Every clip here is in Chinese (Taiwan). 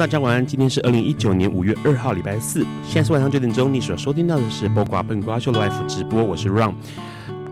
大家晚安，今天是二零一九年五月二號，禮拜四，現在是晚上九點鐘。你所收聽到的是包瓜笨瓜秀的 live 直播，我是 Ron。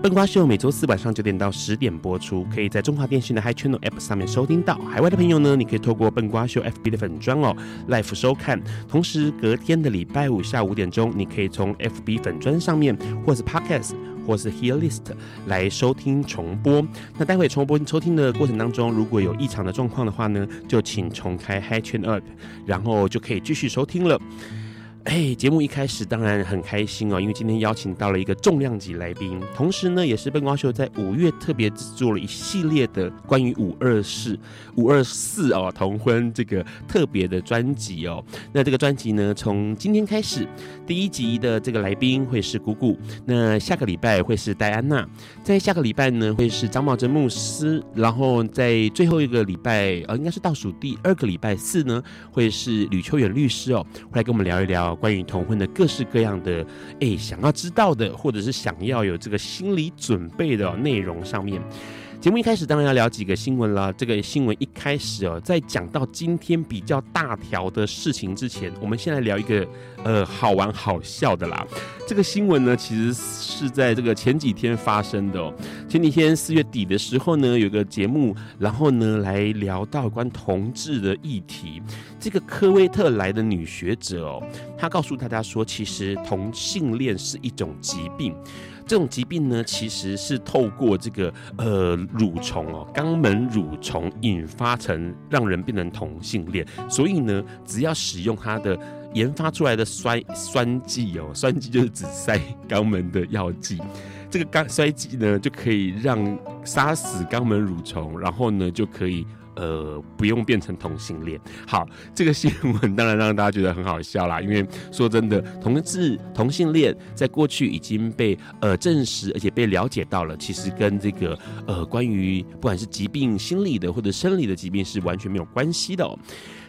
笨瓜秀每周四晚上九點到十點播出，可以在中華電信的 Hi Channel app 上面收聽到。海外的朋友呢，你可以透過笨瓜秀 FB 的粉專哦，live 收看。同時，隔天的禮拜五下午五點鐘，你可以從 FB 粉專上面或是 Podcast。或是 Hearlist 來收聽重播。那待會重播收聽的過程當中，如果有異常的狀況的話呢，就請重開 Hi Chain Up，然後就可以繼續收聽了。哎，節目一開始當然很開心哦、喔，因為今天邀請到了一個重量級來賓，同時呢，也是笨瓜秀在五月特別製作了一系列的關於五二四、五二四哦同婚這個特別的專輯哦。那這個專輯呢，從今天開始第一集的這個來賓會是鼓鼓，那下個禮拜會是戴安娜，在下個禮拜呢會是張茂珍牧師，然後在最後一個禮拜，呃、喔，應該是倒數第二個禮拜四呢，會是呂秋遠律師哦、喔，會來跟我們聊一聊。關於同婚的各式各樣的，哎、欸，想要知道的，或者是想要有這個心理準備的內容上面。節目一開始當然要聊幾個新聞啦。這個新聞一開始哦，在講到今天比較大條的事情之前，我們先來聊一個呃好玩好笑的啦。這個新聞呢，其實是在這個前幾天發生的哦。前幾天四月底的時候呢，有個節目，然後呢來聊到有關同志的議題。這個科威特來的女學者哦，她告訴大家說，其實同性戀是一種疾病。這種疾病呢，其實是透過這個呃蠕蟲哦、喔，肛門蠕蟲引發成讓人變成同性戀，所以呢，只要使用它的研發出來的酸酸劑哦，酸劑、喔、就是只塞肛門的藥劑，這個肛酸劑呢就可以讓殺死肛門蠕蟲，然後呢就可以。呃，不用變成同性戀。好，這個新聞當然讓大家覺得很好笑啦，因為說真的，同志同性戀在過去已經被呃證實，而且被了解到了，其實跟這個呃關於不管是疾病、心理的或者生理的疾病是完全沒有關係的喔。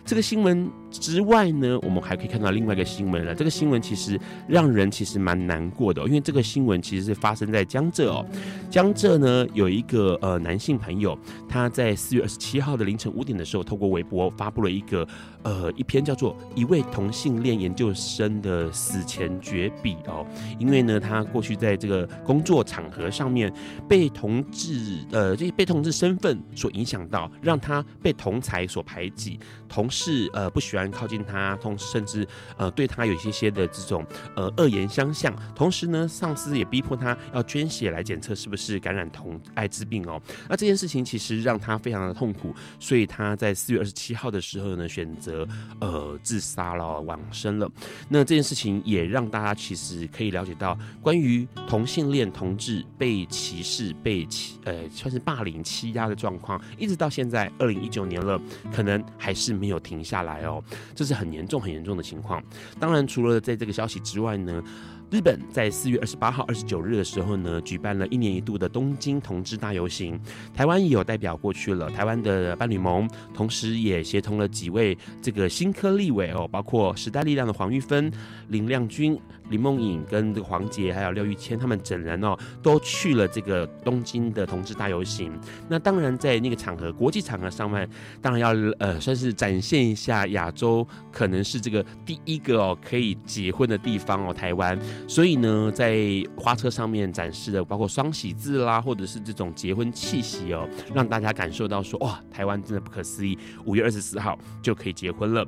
這個新聞。之外呢，我們還可以看到另外一個新聞了。這個新聞其實讓人其實蠻難過的哦，因為這個新聞其實是發生在江浙哦。江浙呢，有一個呃男性朋友，他在四月二十七號的凌晨五點的時候，透過微博發布了一個呃一篇叫做《一位同性戀研究生的死前絕筆》哦。因為呢，他過去在這個工作場合上面被同志呃，這被同志身份所影響到，讓他被同才所排擠，同事呃不需要靠近他，同時甚至呃對他有一些些的這種呃惡言相向，同時呢，上司也逼迫他要捐血，來檢測是不是感染同艾滋病哦。那這件事情其實讓他非常的痛苦，所以他在四月二十七號的時候呢，選擇呃自殺了，往生了。那這件事情也讓大家其實可以了解到，關於同性戀同志被歧視、被欺呃算是霸凌欺壓的狀況，一直到現在二零一九年了，可能還是沒有停下來哦。這是很嚴重、很嚴重的情況。當然，除了在這個消息之外呢，日本在四月二十八號、二十九日的時候呢，舉辦了一年一度的東京同志大遊行，台灣也有代表過去了，台灣的伴侶盟，同時也協同了幾位這個新科立委哦，包括時代力量的黃玉芬、林亮君。林夢穎跟這個黃杰，還有廖玉謙，他們整人哦，都去了這個東京的同志大遊行。那當然，在那個場合，國際場合上面，當然要呃，算是展現一下亞洲，可能是這個第一個哦，可以結婚的地方哦，台灣。所以呢，在花車上面展示的，包括雙喜字啦，或者是這種結婚氣息哦、喔，讓大家感受到說，哇，台灣真的不可思議，五月二十四號就可以結婚了。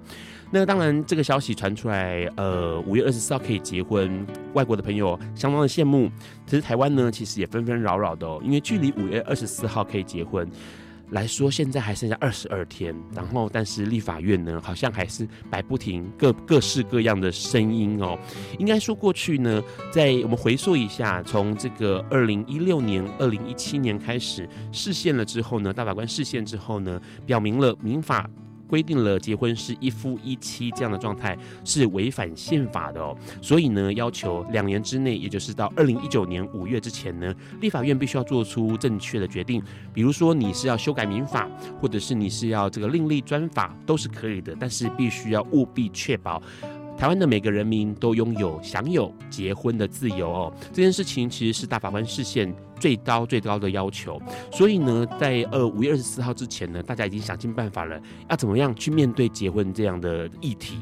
那當然，這個消息傳出來，呃，五月二十四號可以結婚，外國的朋友相當的羨慕。可是台灣呢，其實也紛紛擾擾的哦、喔，因為距離五月二十四號可以結婚來說，現在還剩下二十二天。然後，但是立法院呢，好像還是擺不停，各各式各樣的聲音哦、喔。應該說過去呢，在我們回溯一下，從這個二零一六年、二零一七年開始釋憲了之後呢，大法官釋憲之後呢，表明了民法。規定了結婚是一夫一妻這樣的狀態是違反憲法的哦，所以呢，要求兩年之內，也就是到二零一九年五月之前呢，立法院必須要做出正確的決定。比如說你是要修改民法，或者是你是要這個另立專法，都是可以的，但是必須要務必確保。台灣的每個人民都擁有享有結婚的自由哦，這件事情其實是大法官釋憲最高最高的要求，所以呢，在呃五月二十四號之前呢，大家已經想盡辦法了，要怎麼樣去面對結婚這樣的議題。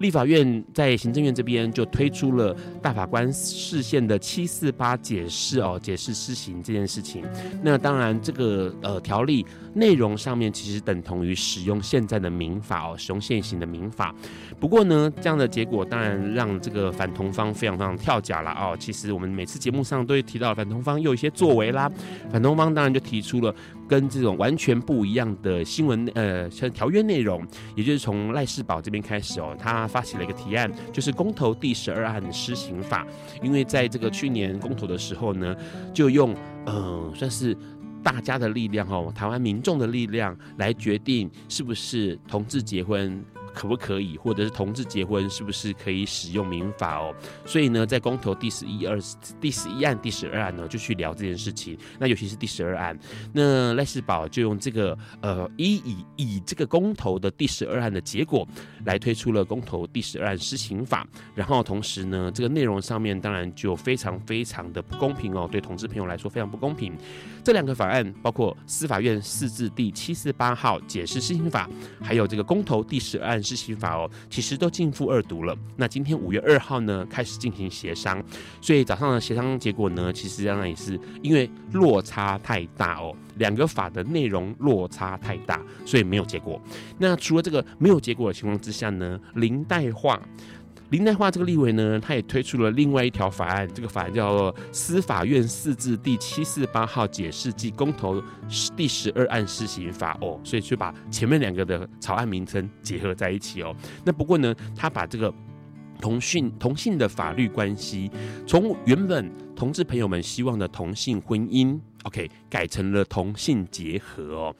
立法院在行政院這邊就推出了大法官釋憲的七四八解釋哦，解釋施行這件事情。那當然，這個呃條例內容上面其實等同於使用現在的民法哦，使用現行的民法。不過呢，這樣的結果當然讓這個反同方非常非常跳腳了哦。其實我們每次節目上都會提到反同方又有一些作為啦，反同方當然就提出了。跟這種完全不一樣的新聞，呃，像條約內容，也就是從賴士葆這邊開始哦，他發起了一個提案，就是公投第十二案施行法，因為在這個去年公投的時候呢，就用嗯、呃，算是大家的力量哦，台灣民眾的力量來決定是不是同志結婚。可不可以，或者是同志結婚，是不是可以使用民法哦？所以呢，在公投第十一、二第十一案、第十二案呢，就去聊這件事情。那尤其是第十二案，那賴世寶就用這個呃，一以以這個公投的第十二案的結果來推出了公投第十二案施行法。然後同時呢，這個內容上面當然就非常非常的不公平哦，對同志朋友來說非常不公平。這兩個法案包括司法院釋字第七四八號解釋施行法，還有這個公投第十二案。施行法哦，其實都進付二讀了。那今天五月二號呢，開始進行協商。所以早上的協商結果呢，其實當然也是因為落差太大哦，兩個法的內容落差太大，所以沒有結果。那除了這個沒有結果的情況之下呢，林岱樺。林岱樺這個立委呢，他也推出了另外一條法案，這個法案叫做司法院釋字第七四八號解釋暨公投第十二案施行法哦，所以就把前面兩個的草案名稱結合在一起哦。那不過呢，他把這個同性同性的法律關係，從原本同志朋友們希望的同性婚姻，OK，改成了同性結合哦。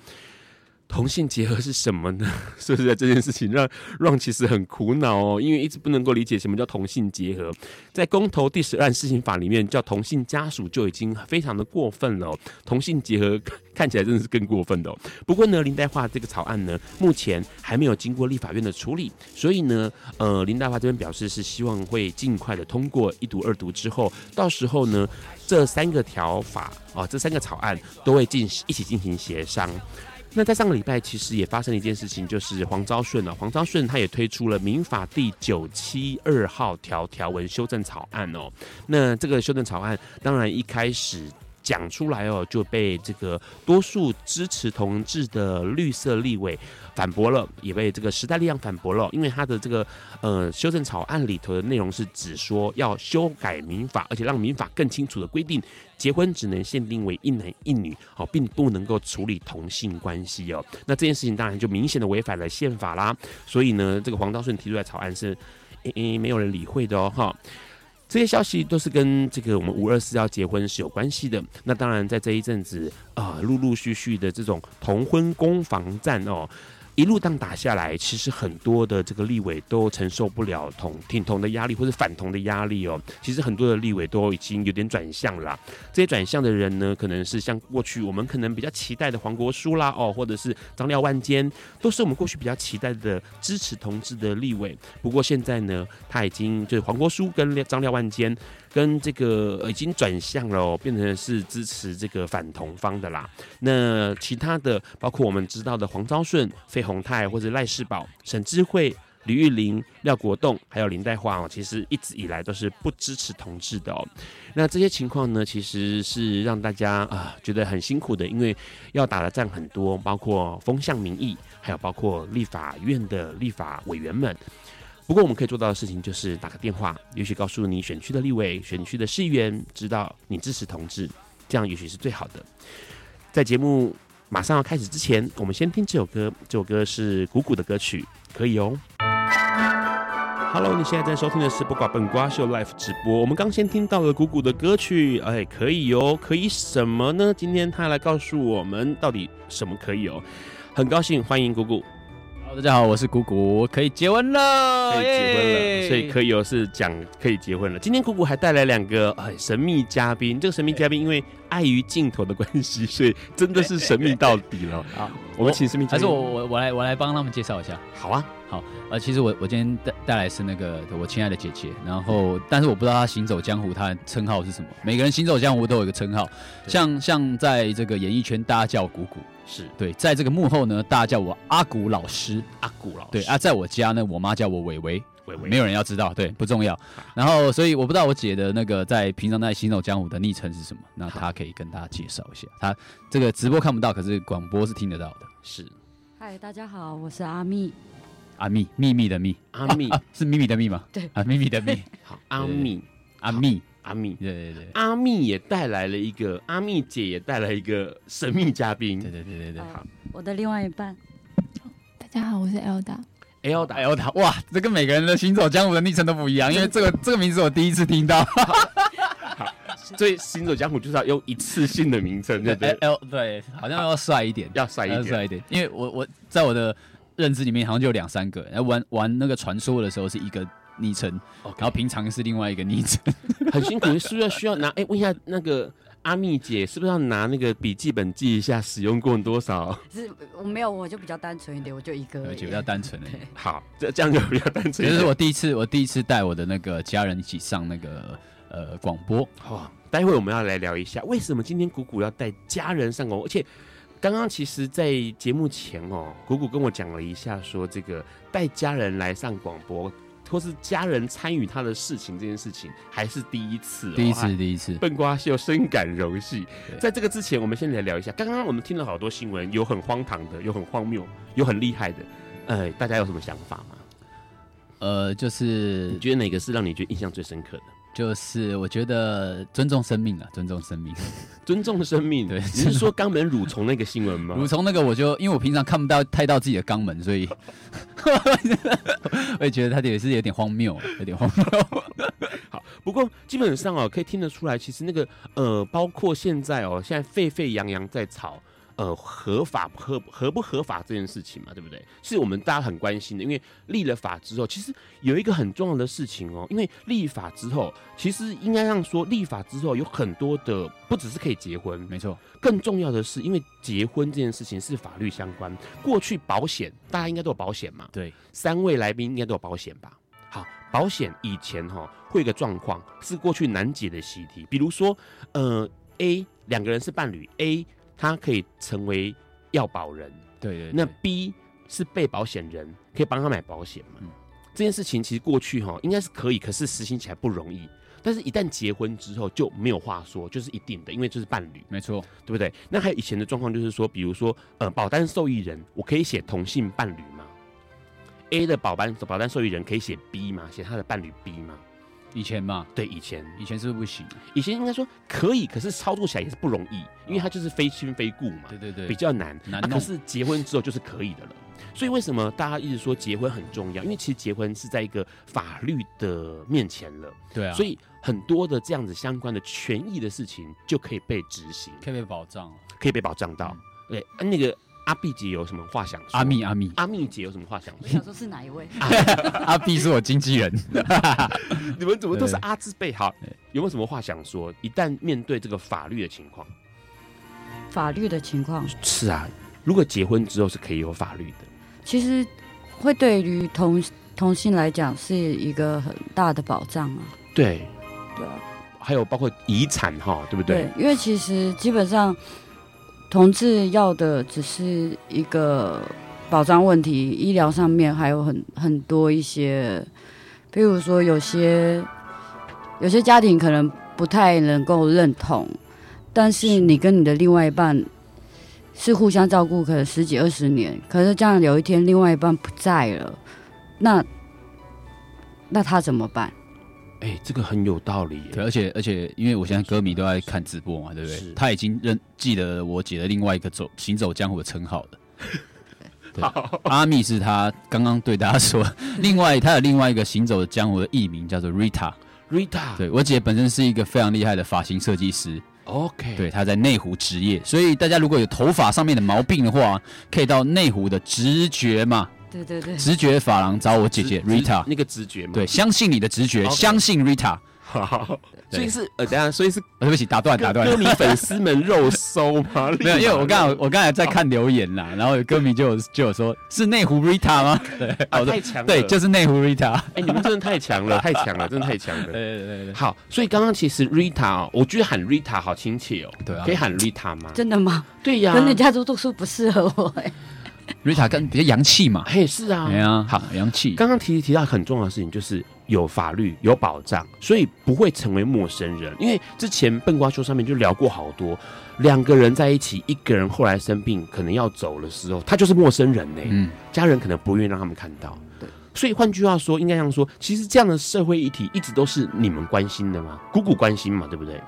同性結合是什麼呢？所以在，這件事情讓讓其實很苦惱哦，因為一直不能夠理解什麼叫同性結合。在公投第十案施行法裡面，叫同性家屬就已經非常的過分了、哦。同性結合看起來真的是更過分的、哦。不過呢，林岱樺這個草案呢，目前還沒有經過立法院的處理，所以呢，呃，林岱樺這邊表示是希望會盡快的通過一讀二讀之後，到時候呢，這三個條法啊，這三個草案都會進行一起進行協商。那在上個禮拜，其實也發生了一件事情，就是黃昭順哦。黃昭順他也推出了民法第九七二號條條文修正草案哦、喔。那這個修正草案，當然一開始。講出來哦、喔，就被這個多數支持同志的綠色立委反駁了，也被這個時代力量反駁了。因為他的這個呃修正草案裡頭的內容是只說要修改民法，而且讓民法更清楚的規定，結婚只能限定為一男一女，好、喔，並不能夠處理同性關係哦、喔。那這件事情當然就明顯的違反了憲法啦。所以呢，這個黃昭順提出來草案是，誒、欸欸、沒有人理會的哦、喔，哈。這些消息都是跟這個我們五二四要結婚是有關係的。那當然，在這一陣子啊，呃，陸陸續續的這種同婚攻防戰哦。一路當打下來，其實很多的這個立委都承受不了同挺同的壓力或者反同的壓力哦。其實很多的立委都已經有點轉向了啊。這些轉向的人呢，可能是像過去我們可能比較期待的黃國書啦，哦，或者是張廖萬堅，都是我們過去比較期待的支持同志的立委。不過現在呢，他已經就是黃國書跟張廖萬堅。跟這個已經轉向了喔，變成是支持這個反同方的啦。那其他的包括我們知道的黃昭順、費鴻泰或者賴士葆、沈智慧、呂玉玲、廖國棟，還有林岱樺喔，其實一直以來都是不支持同志的哦、喔。那這些情況呢，其實是讓大家啊覺得很辛苦的，因為要打的仗很多，包括風向民意，還有包括立法院的立法委員們。不過我們可以做到的事情就是打個電話，也許告訴你選區的立委、選區的市議員，知道你支持同志，這樣也許是最好的。在節目馬上要開始之前，我們先聽這首歌。這首歌是鼓鼓的歌曲，可以唷。 Hello，你現在在收聽的是《不瓜笨瓜秀》Live 直播。我們剛先聽到了鼓鼓的歌曲，哎，可以唷，可以什麼呢？今天他來告訴我們到底什麼可以唷。很高興歡迎鼓鼓。大家好，我是鼓鼓，可以結婚了，可以結婚了，欸、所以可以有、哦，是講可以結婚了。今天鼓鼓還帶來兩個很、哎、神秘嘉賓，這個神秘嘉賓因為礙於鏡頭的關係、欸，所以真的是神秘到底了。對對對。我們請示秘書，還是我我我來我來幫他們介紹一下。好啊，好啊。其實我我今天帶帶來是那個我親愛的姐姐，然後但是我不知道她行走江湖，她的稱號是什麼？每個人行走江湖都有一個稱號，像像在這個演藝圈大家叫我鼓鼓，是對，在這個幕後呢，大家叫我阿古老師，阿古老師對啊，在我家呢，我媽叫我偉偉。呃、沒有人要知道，對，不重要。然後，所以我不知道我姐的那個在平常在行走江湖的昵稱是什麼？那她可以跟大家介紹一下。她這個直播看不到，可是廣播是聽得到的。是。嗨，大家好，我是阿密。阿密，秘密的密。阿、啊、密、啊啊、是秘密的密嗎？對，阿密密的密。好，阿密，阿密，阿密，對對對。對對對，阿密也帶來了一個，阿密姐也帶來一個神秘嘉賓。對對對對對，對，對好，好。我的另外一半，哦、大家好，我是 Elda。L 打 L 打，哇！這跟每個人的行走江湖的昵稱都不一樣，因為這個這個名字我第一次聽到。 好，所以行走江湖就是要用一次性的名稱，對不對？L 對，好像要帥一,一點，要帥一點，帥一點。因為我我在我的認知裡面好像就有兩三個。然後玩玩那個傳說的時候是一個昵稱，okay. 然後平常是另外一個昵稱，okay. 很辛苦。是不是要需要拿？哎、欸，問一下那個。阿蜜姐是不是要拿那個筆記本記一下使用過多少？是，我沒有，我就比較單純一點，我就一個而。而且比較單純哎，好，這這樣就比較單純。其、就是我第一次，我第一次帶我的那個家人一起上那個呃廣播。好、哦，待會我們要來聊一下，為什麼今天鼓鼓要帶家人上廣播？而且剛剛其實在節目前哦，鼓鼓跟我講了一下，說這個帶家人來上廣播。或是家人參與他的事情這件事情還是第一次，第一次，第一次。哦，笨瓜秀深感榮幸。在這個之前，我們先來聊一下。剛剛我們聽了好多新聞，有很荒唐的，有很荒謬，有很厲害的。呃，大家有什麼想法嗎？呃，就是你覺得哪個是讓你覺得印象最深刻的？就是我覺得尊重生命啊，尊重生命，尊重生命。對，你是說肛門蠕蟲那個新聞嗎？蠕蟲那個，我就因為我平常看不到太到自己的肛門，所以 我也覺得他也是有點荒謬，有點荒謬。 好，不過基本上哦，可以聽得出來，其實那個呃，包括現在哦，現在沸沸揚揚在吵。呃，合法合合不合法這件事情嘛，對不對？是我們大家很關心的。因為立了法之後，其實有一個很重要的事情哦。因為立法之後，其實應該讓說，立法之後有很多的，不只是可以結婚，沒錯。更重要的是，因為結婚這件事情是法律相關。過去保險，大家應該都有保險嘛？對，三位來賓應該都有保險吧？好，保險以前哈、哦，會有一個狀況，是過去難解的習題。比如說，呃，A 兩個人是伴侶，A。他可以成為要保人，對，對對。那 B 是被保險人，可以幫他買保險嘛？嗯、這件事情其實過去哈、哦、應該是可以，可是實行起來不容易。但是，一旦結婚之後就沒有話說，就是一定的，因為這是伴侶，沒錯，對不對？那還有以前的狀況就是說，比如說呃，保單受益人我可以寫同性伴侶嗎？A 的保單保單受益人可以寫 B 嗎？寫他的伴侶 B 嗎？以前嘛，對以前，以前是不是不行，以前應該說可以，可是操作起來也是不容易，哦、因為他就是非親非故嘛，對對對，比較難。但、啊是，是，啊、是結婚之後就是可以的了，所以為什麼大家一直說結婚很重要、哦。因為其實結婚是在一個法律的面前了，對啊，所以很多的這樣子相關的權益的事情就可以被執行，可以被保障，可以被保障到，嗯、對，啊、那個。阿碧姐有什麼話想說？阿密、阿密、阿密姐有什麼話想說？想說，我想說是哪一位？啊、 阿碧是我經紀人。 你們怎麼都是阿字輩？哈，有沒有什麼話想說？一旦面對這個法律的情況，法律的情況是啊，如果結婚之後是可以有法律的，其實會對於同同性來講是一個很大的保障啊。對對、啊，還有包括遺產哈，對不對，對？因為其實基本上。同志要的只是一個保障問題，醫療上面還有很很多一些，比如說有些有些家庭可能不太能夠認同，但是你跟你的另外一半是互相照顧，可能十幾二十年，可是這樣有一天另外一半不在了，那那他怎麼辦？哎、欸，這個很有道理。對，而且而且，因為我現在歌迷都在看直播嘛，對不對？他已經認記得我姐的另外一個走行走江湖的稱號了。 好，阿密是他剛剛對大家說，另外他有另外一個行走的江湖的藝名叫做 Rita，Rita Rita。對，我姐本身是一個非常厲害的髮型設計師。OK。對，她在內湖執業，所以大家如果有頭髮上面的毛病的話，可以到內湖的直覺嘛。對對對，直覺法郎找我姐姐 Rita，那個直覺嘛，對，相信你的直覺，okay. 相信 Rita，好,好、呃，所以是呃怎樣？所以是對不起，打斷打斷，歌你粉絲們肉搜嘛 沒有，因為我剛我剛才在看留言啦。然後有歌迷就有 就有說是內湖 Rita 嗎？好、啊，太強了，對，就是內湖 Rita，哎，你們真的太強, 太強了，太強了，真的太強了， 對,對,對對對。好，所以剛剛其實 Rita、哦、我覺得喊 Rita 好親切哦，對啊，可以喊 Rita 嗎？真的嗎？對呀、啊，人家都讀書不適合我哎、欸。瑞塔跟，比較洋氣嘛？嘿、欸，是啊，對啊，好洋氣。剛剛提提到很重要的事情，就是有法律有保障，所以不會成為陌生人。因為之前笨瓜秀上面就聊過好多，兩個人在一起，一個人後來生病可能要走的時候，他就是陌生人呢、欸。嗯，家人可能不願意讓他們看到。對，所以換句話說，應該這樣說，其實這樣的社會議題一直都是你們關心的嗎？鼓鼓關心嘛，對不對？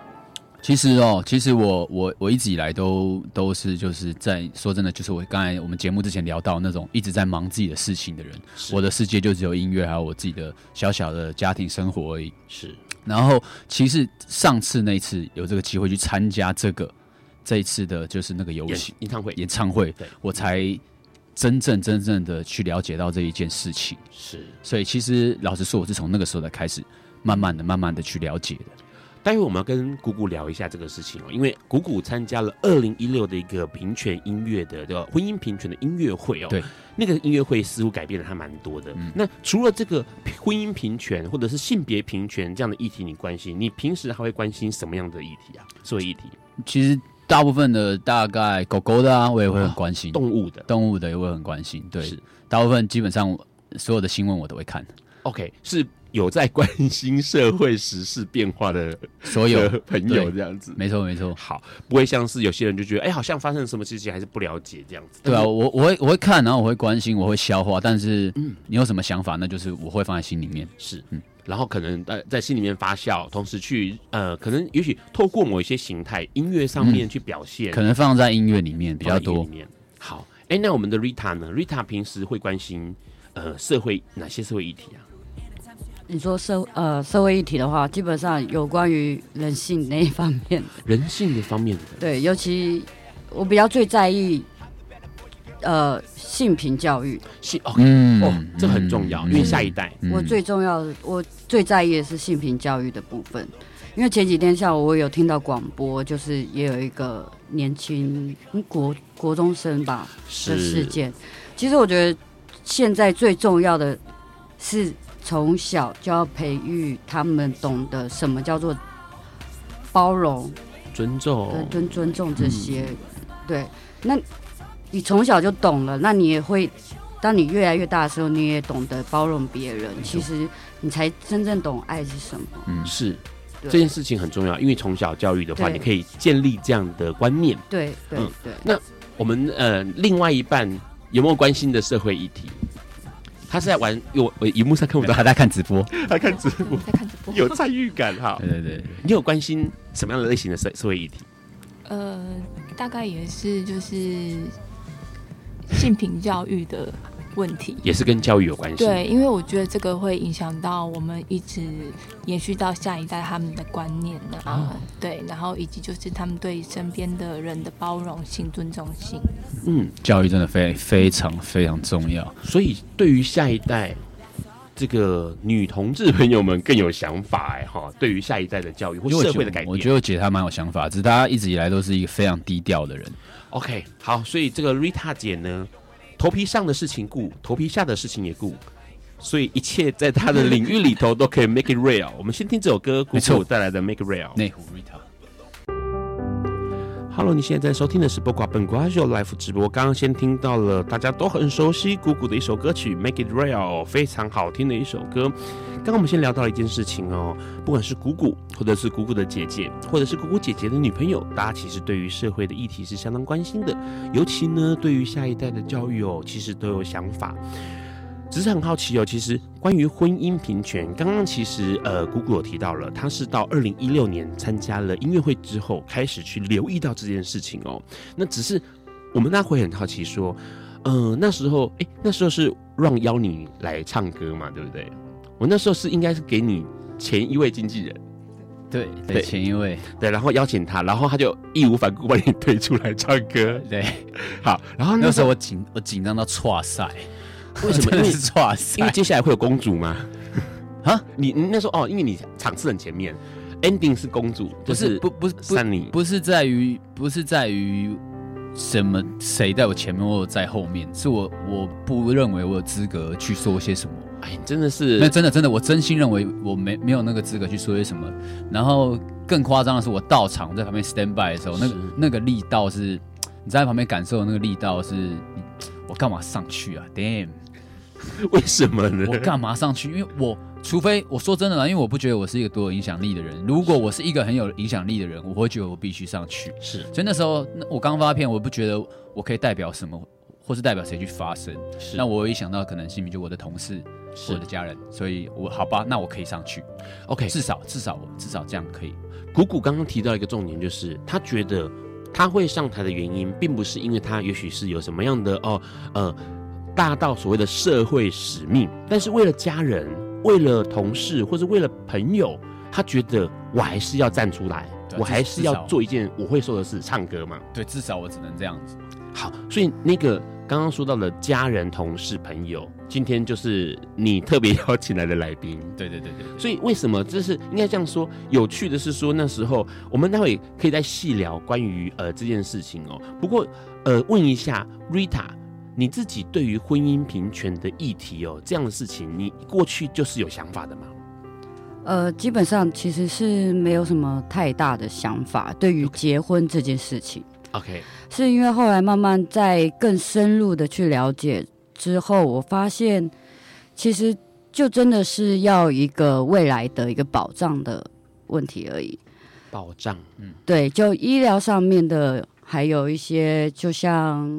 其實哦，其實我我我一直以來都都是就是在說真的，就是我剛才我們節目之前聊到那種一直在忙自己的事情的人，我的世界就只有音樂還有我自己的小小的家庭生活而已。是。然後其實上次那一次有這個機會去參加這個這一次的就是那個遊戲演唱會演唱會，對，我才真正真正的去了解到這一件事情。是。所以其實老實說，我是從那個時候才開始慢慢的慢慢的去了解的。待會我們要跟鼓鼓聊一下這個事情哦、喔，因為鼓鼓參加了二零一六的一個平權音樂的的婚姻平權的音樂會哦、喔，對，那個音樂會似乎改變了他蠻多的、嗯。那除了這個婚姻平權或者是性別平權這樣的議題，你關心，你平時還會關心什麼樣的議題啊？所有議題，其實大部分的大概狗狗的、啊，我也會很關心、啊、動物的，動物的也會很關心。對，是大部分基本上所有的新聞我都會看。OK，是。有在關心社會時事變化的所有 朋友，這樣子沒錯沒錯。好，不會像是有些人就覺得，哎、欸，好像發生什麼事情還是不了解這樣子。對啊，我我會我會看，然後我會關心，我會消化。但是，嗯，你有什麼想法，那就是我會放在心裡面，是嗯。然後可能呃在，在心裡面發酵，同時去呃可能也許透過某一些形態，音樂上面去表現，嗯、可能放在音樂裡面比較多。裡面好，哎、欸，那我們的 Rita 呢？Rita 平時會關心呃社會哪些社會議題啊？你說社，呃社會議題的話，基本上有關於人性那一方面，人性的方面的，對，尤其我比較最在意，呃，性平教育。性、嗯 Okay. 哦、嗯，這很重要、嗯，因為下一代。我最重要的，我最在意的是性平教育的部分，因為前幾天下午我有聽到廣播，就是也有一個年輕、嗯、國國中生吧的事件是。其實我覺得現在最重要的是。從小就要培育他們懂得什麼叫做包容、尊重、尊尊重這些，嗯、對。那你從小就懂了，那你也會，當你越來越大的時候，你也懂得包容別人、哎，其實你才真正懂愛是什麼。嗯，是，這件事情很重要，因為從小教育的話，你可以建立這樣的觀念。對對對、嗯。那我們呃，另外一半有沒有關心的社會議題？他是在玩，我我熒幕上看不到，他在看直播，他看直播，在看直播，在直播在直播 有在參與感哈。對對對，你有關心什麼樣的類型的社社會議題？呃，大概也是就是性平教育的。 問題也是跟教育有關係，對，因為我覺得這個會影響到我們一直延續到下一代他們的觀念啊，啊對，然後以及就是他們對身邊的人的包容性、尊重性。嗯，教育真的非常非常非常重要，所以對於下一代，這個女同志朋友們更有想法哎哈。對於下一代的教育或社會的改變，我覺得我姐她蠻有想法，只是大家一直以來都是一個非常低調的人。OK，好，所以這個 Rita 姐呢。頭皮上的事情顧，頭皮下的事情也顧，所以一切在他的領域裡頭都可以 make it real。我們先聽這首歌，沒錯，鼓鼓帶來的 make it real。Hello，你現在在收聽的是《播吧笨瓜秀》Live 直播。剛剛先聽到了大家都很熟悉鼓鼓的一首歌曲《Make It Real》，非常好聽的一首歌。剛剛我們先聊到了一件事情哦，不管是鼓鼓，或者是鼓鼓的姐姐，或者是鼓鼓姐姐的女朋友，大家其實對於社會的議題是相當關心的，尤其呢，對於下一代的教育哦，其實都有想法。只是很好奇哦，其實關於婚姻平權，剛剛其實呃鼓鼓有提到了，他是到二零一六年參加了音樂會之後，開始去留意到這件事情哦。那只是我們那會很好奇說，嗯、呃，那時候哎、欸，那時候是 Ron 邀你來唱歌嘛，對不對？我那時候是應該是給你前一位經紀人，對對，對前一位對，然後邀請他，然後他就義無反顧把你推出來唱歌，對，好，然後那時候，那時候我緊我緊張到剉賽。為什麼因為？因為接下來會有公主嗎？啊，你那時候哦，因為你場次很前面，ending 是公主，不、就是就是不不是在你，不是在於不是在於什麼誰在我前面或者在後面，是我我不認為我有資格去說些什麼。哎，你真的是，那真的真的，我真心認為我沒沒有那個資格去說些什麼。然後更誇張的是，我到場在旁邊 stand by 的時候，那那個力道是你在旁邊感受那個力道是，我幹嘛上去啊？damn。為什麼呢？我幹嘛上去？因為我除非我說真的啦，因為我不覺得我是一個多有影響力的人。如果我是一個很有影響力的人，我會覺得我必須上去。是，所以那時候那我剛發片，我不覺得我可以代表什麼，或是代表誰去發聲。是，那我一想到可能是，就我的同事，我的家人。所以我好吧，那我可以上去。OK，至少至少我至少這樣可以。鼓鼓剛剛提到一個重點，就是他覺得他會上台的原因，並不是因為他也許是有什麼樣的哦呃。大到所謂的社會使命，但是為了家人、為了同事或者為了朋友，他覺得我還是要站出來，啊、我還是要做一件我會做的事——唱歌嘛。對，至少我只能這樣子。好，所以那個剛剛說到的家人、同事、朋友，今天就是你特別邀請來的來賓。對對對對。所以為什麼這是應該這樣說？有趣的是說，那時候我們待會可以再細聊關於呃這件事情哦。不過呃，問一下 Rita。你自己對於婚姻平權的議題哦，這樣的事情，你過去就是有想法的嗎？呃，基本上其實是沒有什麼太大的想法，對於結婚這件事情。OK，是因為後來慢慢在更深入的去了解之後，我發現其實就真的是要一個未來的一個保障的問題而已。保障，嗯，對，就醫療上面的，還有一些就像。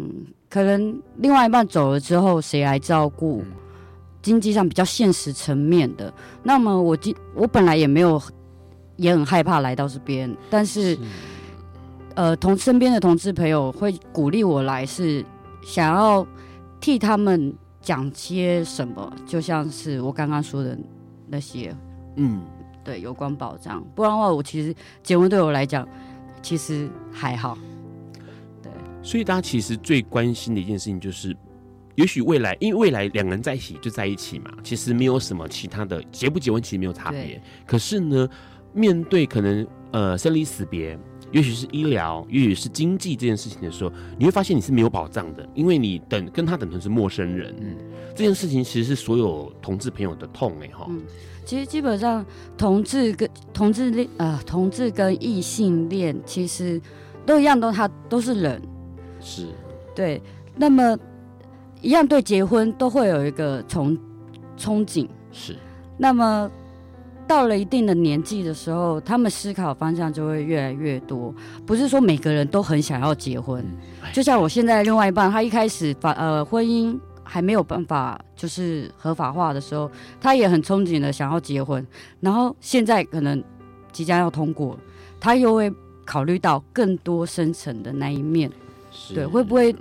可能另外一半走了之後，誰來照顧？經濟上比較現實層面的。那麼我今我本來也沒有，也很害怕來到這邊。但是，是，呃，同身邊的同志朋友會鼓勵我來，是想要替他們講些什麼？就像是我剛剛說的那些嗯，嗯，對，有關保障。不然的話，我其實結婚對我來講，其實還好。所以大家其實最關心的一件事情就是，也許未來，因為未來兩個人在一起就在一起嘛，其實沒有什麼其他的，結不結婚其實沒有差別。可是呢，面對可能呃生離死別，也許是醫療，也許是經濟這件事情的時候，你會發現你是沒有保障的，因為你等跟他等的是陌生人。嗯，這件事情其實是所有同志朋友的痛哎哈。嗯，其實基本上同志跟同志戀啊、呃，同志跟異性戀其實都一樣，都他都是人。是，對，那麼一樣對結婚都會有一個從憧憬，是。那麼到了一定的年紀的時候，他們思考方向就會越來越多，不是說每個人都很想要結婚，嗯、就像我現在另外一半，他一開始反呃婚姻還沒有辦法就是合法化的時候，他也很憧憬的想要結婚。然後現在可能即將要通過，他又會考慮到更多深層的那一面。對，會不會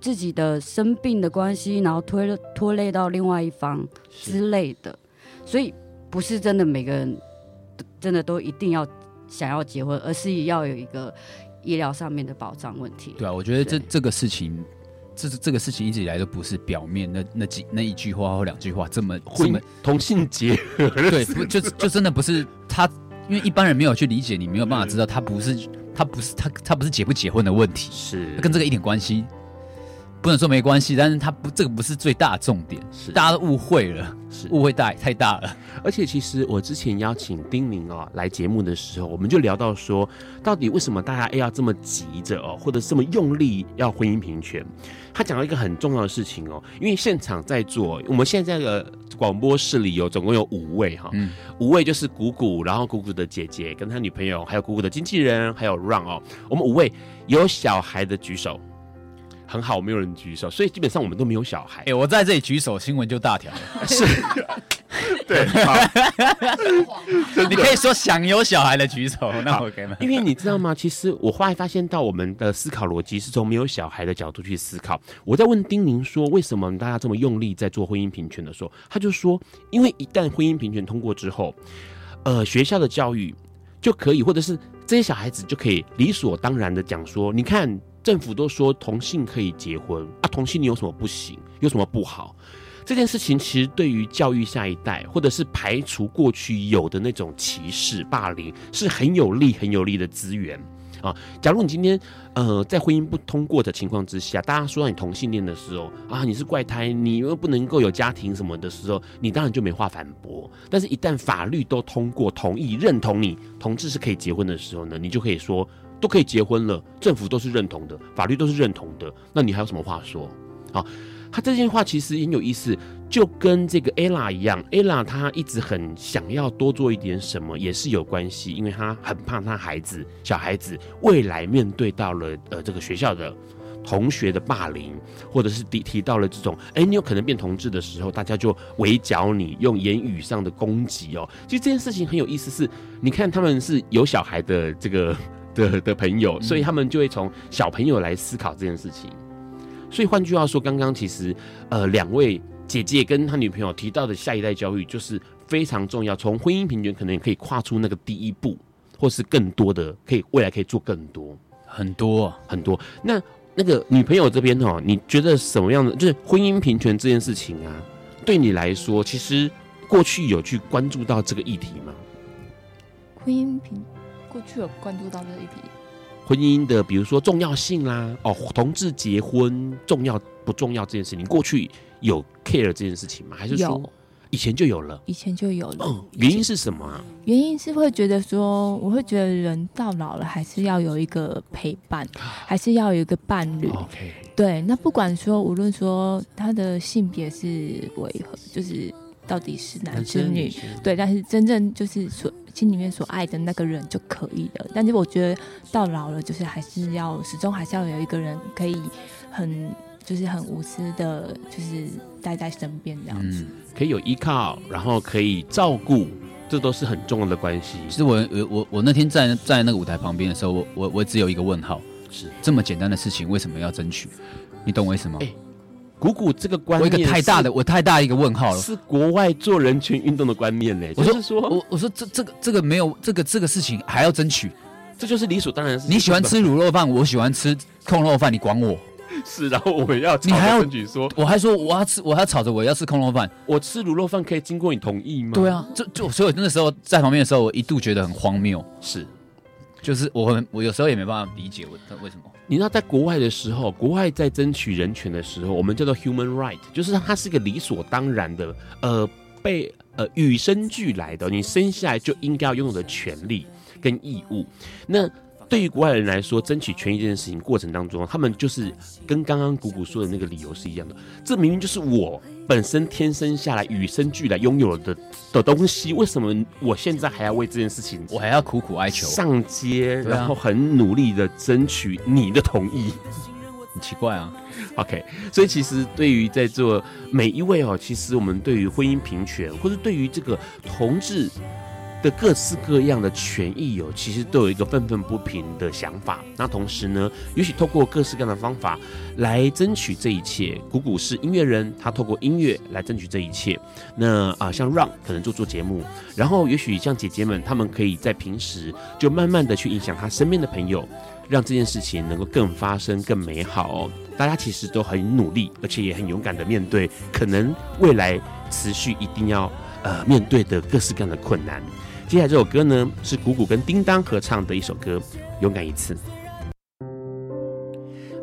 自己的生病的關係，然後拖拖累到另外一方之類的，所以不是真的每個人真的都一定要想要結婚，而是要有一個醫療上面的保障問題。對啊，我覺得這這個事情，這是這個事情一直以來都不是表面那那幾那一句話或兩句話這麼會同性結合，對，不 就就真的不是他，因為一般人沒有去理解，你沒有辦法知道他不是。 他不是他，他不是結不結婚的問題是，是跟這個一點關係。不能說沒關係，但是他不，這個不是最大的重點，是大家都誤會了，是誤會大太大了。而且其實我之前邀請丁寧哦來節目的時候，我們就聊到說，到底為什麼大家要這麼急着哦，或者這麼用力要婚姻平權？他講到一個很重要的事情哦，因為現場在座，我們現在的廣播室裡有、哦、總共有五位哈、哦嗯，五位就是鼓鼓，然後鼓鼓的姐姐跟她女朋友，還有鼓鼓的經紀人，還有 Ron 哦，我們五位有小孩的舉手。很好，沒有人舉手，所以基本上我們都沒有小孩。哎、欸，我在這裡舉手，新聞就大條了。 是，對。 你可以說想有小孩的舉手，那我可以嗎？因為你知道嗎？其實我後來發現到我們的思考邏輯是從沒有小孩的角度去思考。我在問丁寧說，為什麼大家這麼用力在做婚姻平權的時候，他就說，因為一旦婚姻平權通過之後，呃，學校的教育就可以，或者是這些小孩子就可以理所當然的講說，你看。政府都說同性可以結婚啊，同性你有什麼不行？有什麼不好？這件事情其實對於教育下一代，或者是排除過去有的那種歧視、霸凌，是很有利、很有利的資源啊。假如你今天呃在婚姻不通過的情況之下，大家說到你同性戀的時候啊，你是怪胎，你又不能夠有家庭什麼的時候，你當然就沒話反駁。但是一旦法律都通過、同意、認同你同志是可以結婚的時候呢，你就可以說。都可以結婚了，政府都是認同的，法律都是認同的，那你還有什麼話說？好，他這些話其實也很有意思，就跟這個 Ella 一樣，Ella 他一直很想要多做一點什麼，也是有關係，因為他很怕他孩子小孩子未來面對到了呃這個學校的同學的霸凌，或者是提提到了這種，哎，你有可能變同志的時候，大家就圍剿你，用言語上的攻擊哦。其實這件事情很有意思，是你看他們是有小孩的這個。的的朋友，嗯，所以他們就會從小朋友來思考這件事情。所以換句話說，剛剛其實呃，兩位姐姐跟他女朋友提到的下一代教育就是非常重要。從婚姻平權可能也可以跨出那個第一步，或是更多的可以未來可以做更多很多很多。那那個女朋友這邊哈，哦，你覺得什麼樣的就是婚姻平權這件事情啊，對你來說其實過去有去關注到這個議題嗎？婚姻平。過去有關注到這一題婚姻的，比如說重要性啦，啊，哦，同志結婚重要不重要這件事情，過去有 care 這件事情嗎？還是說以前就有了？有以前就有了，嗯。原因是什麼啊？原因是會覺得說，我會覺得人到老了還是要有一個陪伴，還是要有一個伴侶。哦 okay，對，那不管說，無論說他的性別是為何，就是到底是男是女，男生女生，對，但是真正就是說。心裡面所愛的那個人就可以了，但是我覺得到老了，就是還是要始終還是要有一個人可以很就是很無私的，就是待在身邊這樣子、嗯，可以有依靠，然後可以照顧，這都是很重要的關係。其實我我我，我那天站在那個舞台旁邊的時候，我我我只有一個問號：是這麼簡單的事情為什麼要爭取？你懂我為什麼？欸“鼓鼓”這個觀念，我一個太大的，我太大一個問號了。是國外做人權運動的觀念呢、欸，就是。我說，我我說這這個這個沒有這個這個事情還要爭取，這就是理所當然。你喜歡吃滷肉飯、嗯，我喜歡吃控肉飯，你管我？是，然後我要我你還要爭取說，我還說我要吃，我要吵着我要吃控肉飯。我吃滷肉飯可以經過你同意嗎？對啊，就就所以我那時候在旁邊的時候，我一度覺得很荒謬，是，就是我很我有時候也沒辦法理解我，他為什麼。你知道，在國外的時候，國外在爭取人權的時候，我們叫做 human right，就是它是一個理所當然的，呃，被，呃，與生俱來的，你生下來就應該要擁有的權利跟義務。那對於國外人來說，爭取權益這件事情過程當中，他們就是跟剛剛鼓鼓說的那個理由是一樣的。這明明就是我本身天生下來、與生俱來擁有的的東西，為什麼我現在還要為這件事情，我還要苦苦哀求，上街，然後很努力的爭取你的同意？啊、 很奇怪啊。OK，所以其實對於在座每一位哦，其實我們對於婚姻平權，或者對於這個同志。的各式各樣的權益哦、喔，其實都有一個憤憤不平的想法。那同時呢，也許透過各式各樣的方法來爭取這一切。鼓鼓是音樂人，他透過音樂來爭取這一切。那啊、呃，像 Ron 可能做做節目，然後也許像姐姐們，他們可以在平時就慢慢的去影響他身邊的朋友，讓這件事情能夠更發生、更美好、喔。大家其實都很努力，而且也很勇敢的面對可能未來持續一定要呃面對的各式各樣的困難。接下來這首歌呢，是鼓鼓跟叮噹合唱的一首歌，《勇敢一次》。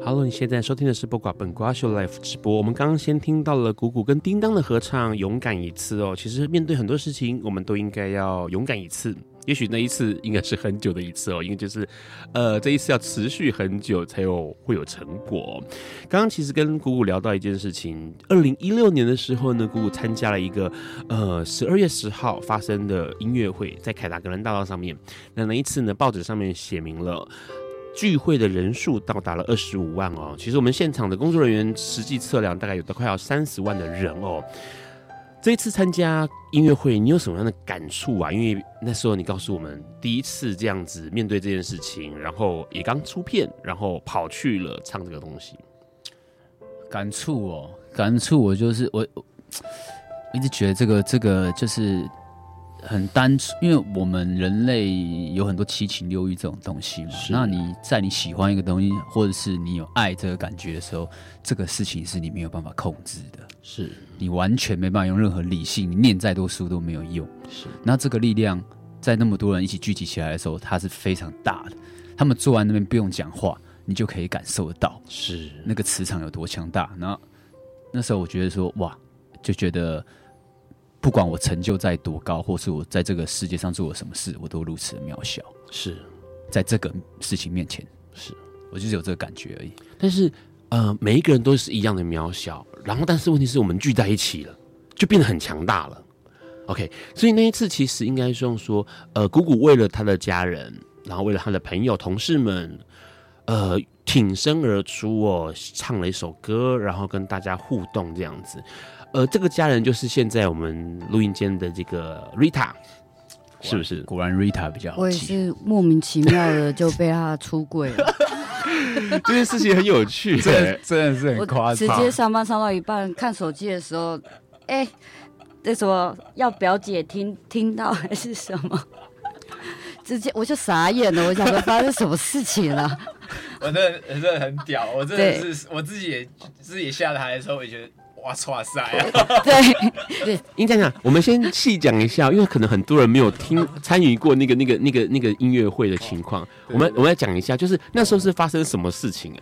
Hello，你現在收聽的是笨瓜笨瓜 show life 直播。我們剛剛先聽到了鼓鼓跟叮噹的合唱，《勇敢一次》哦。其實面對很多事情，我們都應該要勇敢一次。也許那一次應該是很久的一次喔，因為就是，呃，這一次要持續很久才有會有成果。剛剛其實跟鼓鼓聊到一件事情，二零一六年的時候呢，鼓鼓參加了一個呃十二月十號發生的音樂會，在凱達格蘭大道上面。那那一次呢，報紙上面寫明了聚會的人數到達了二十五萬喔。其實我們現場的工作人員實際測量，大概有的快要三十萬的人喔。這一次參加音樂會，你有什麼樣的感觸啊？因為那時候你告訴我們，第一次這樣子面對這件事情，然後也剛出片，然後跑去了唱這個東西。感觸哦，感觸我就是我，我一直覺得這個這個就是。很單純，因為我們人類有很多七情六慾這種東西嘛，是。那你在你喜歡一個東西，或者是你有愛這個感覺的時候，這個事情是你沒有辦法控制的，是你完全沒辦法用任何理性，你念再多書都沒有用。是，那這個力量在那麼多人一起聚集起來的時候，它是非常大的。他們坐在那邊不用講話，你就可以感受得到，是那個磁場有多強大。那那時候我覺得說哇，就覺得。不管我成就在多高，或是我在這個世界上做了什麼事，我都如此的渺小。是在這個事情面前，是我就是有這個感覺而已。但是，呃，每一個人都是一樣的渺小。然後，但是問題是我們聚在一起了，就變得很強大了。OK，所以那一次其實應該是用說，呃，鼓鼓為了他的家人，然後為了他的朋友、同事們，呃，挺身而出哦，唱了一首歌，然後跟大家互動這樣子。呃，這個家人就是現在我們錄音間的這個 Rita，是不是？果然 Rita 比較好，我也是莫名其妙的就被他出軌了。 這件事情很有趣對，真真的是很誇張。直接上班上到一半， 看手機的時候，哎、欸，那什麼要表姐聽聽到還是什麼？直接我就傻眼了，我想說發生什麼事情了，啊？我真的真的很屌，我真的是我自己也自己下台的時候，我也覺得。哇哇塞！ 對對，應該講，我們先細講一下，因為可能很多人沒有聽參與過那個那個那個那個音樂會的情況，我們我們來講一下，就是那時候是發生什麼事情啊？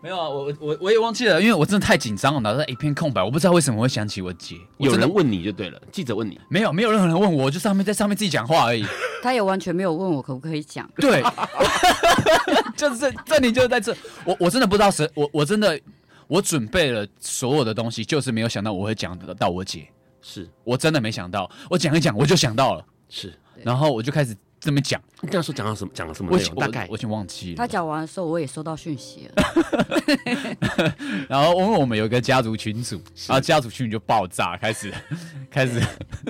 沒有啊，我我我也忘記了，因為我真的太緊張了，腦袋一片空白，我不知道為什麼會想起我姐。我有人問你就對了，記者問你，沒有沒有任何人問我，我就上面在上面自己講話而已。他也完全沒有問我可不可以講。對， 就是這裡就是在這，我我真的不知道誰，我我真的。我準備了所有的東西，就是沒有想到我會講到我姐，是我真的沒想到。我講一講，我就想到了，是。然後我就開始這麼講。你跟他說講到什麼？講了什麼內容？大概我已經忘記了。他講完的時候，我也收到訊息了。 然後因為我們有一個家族群組，然後家族群組就爆炸，開始開始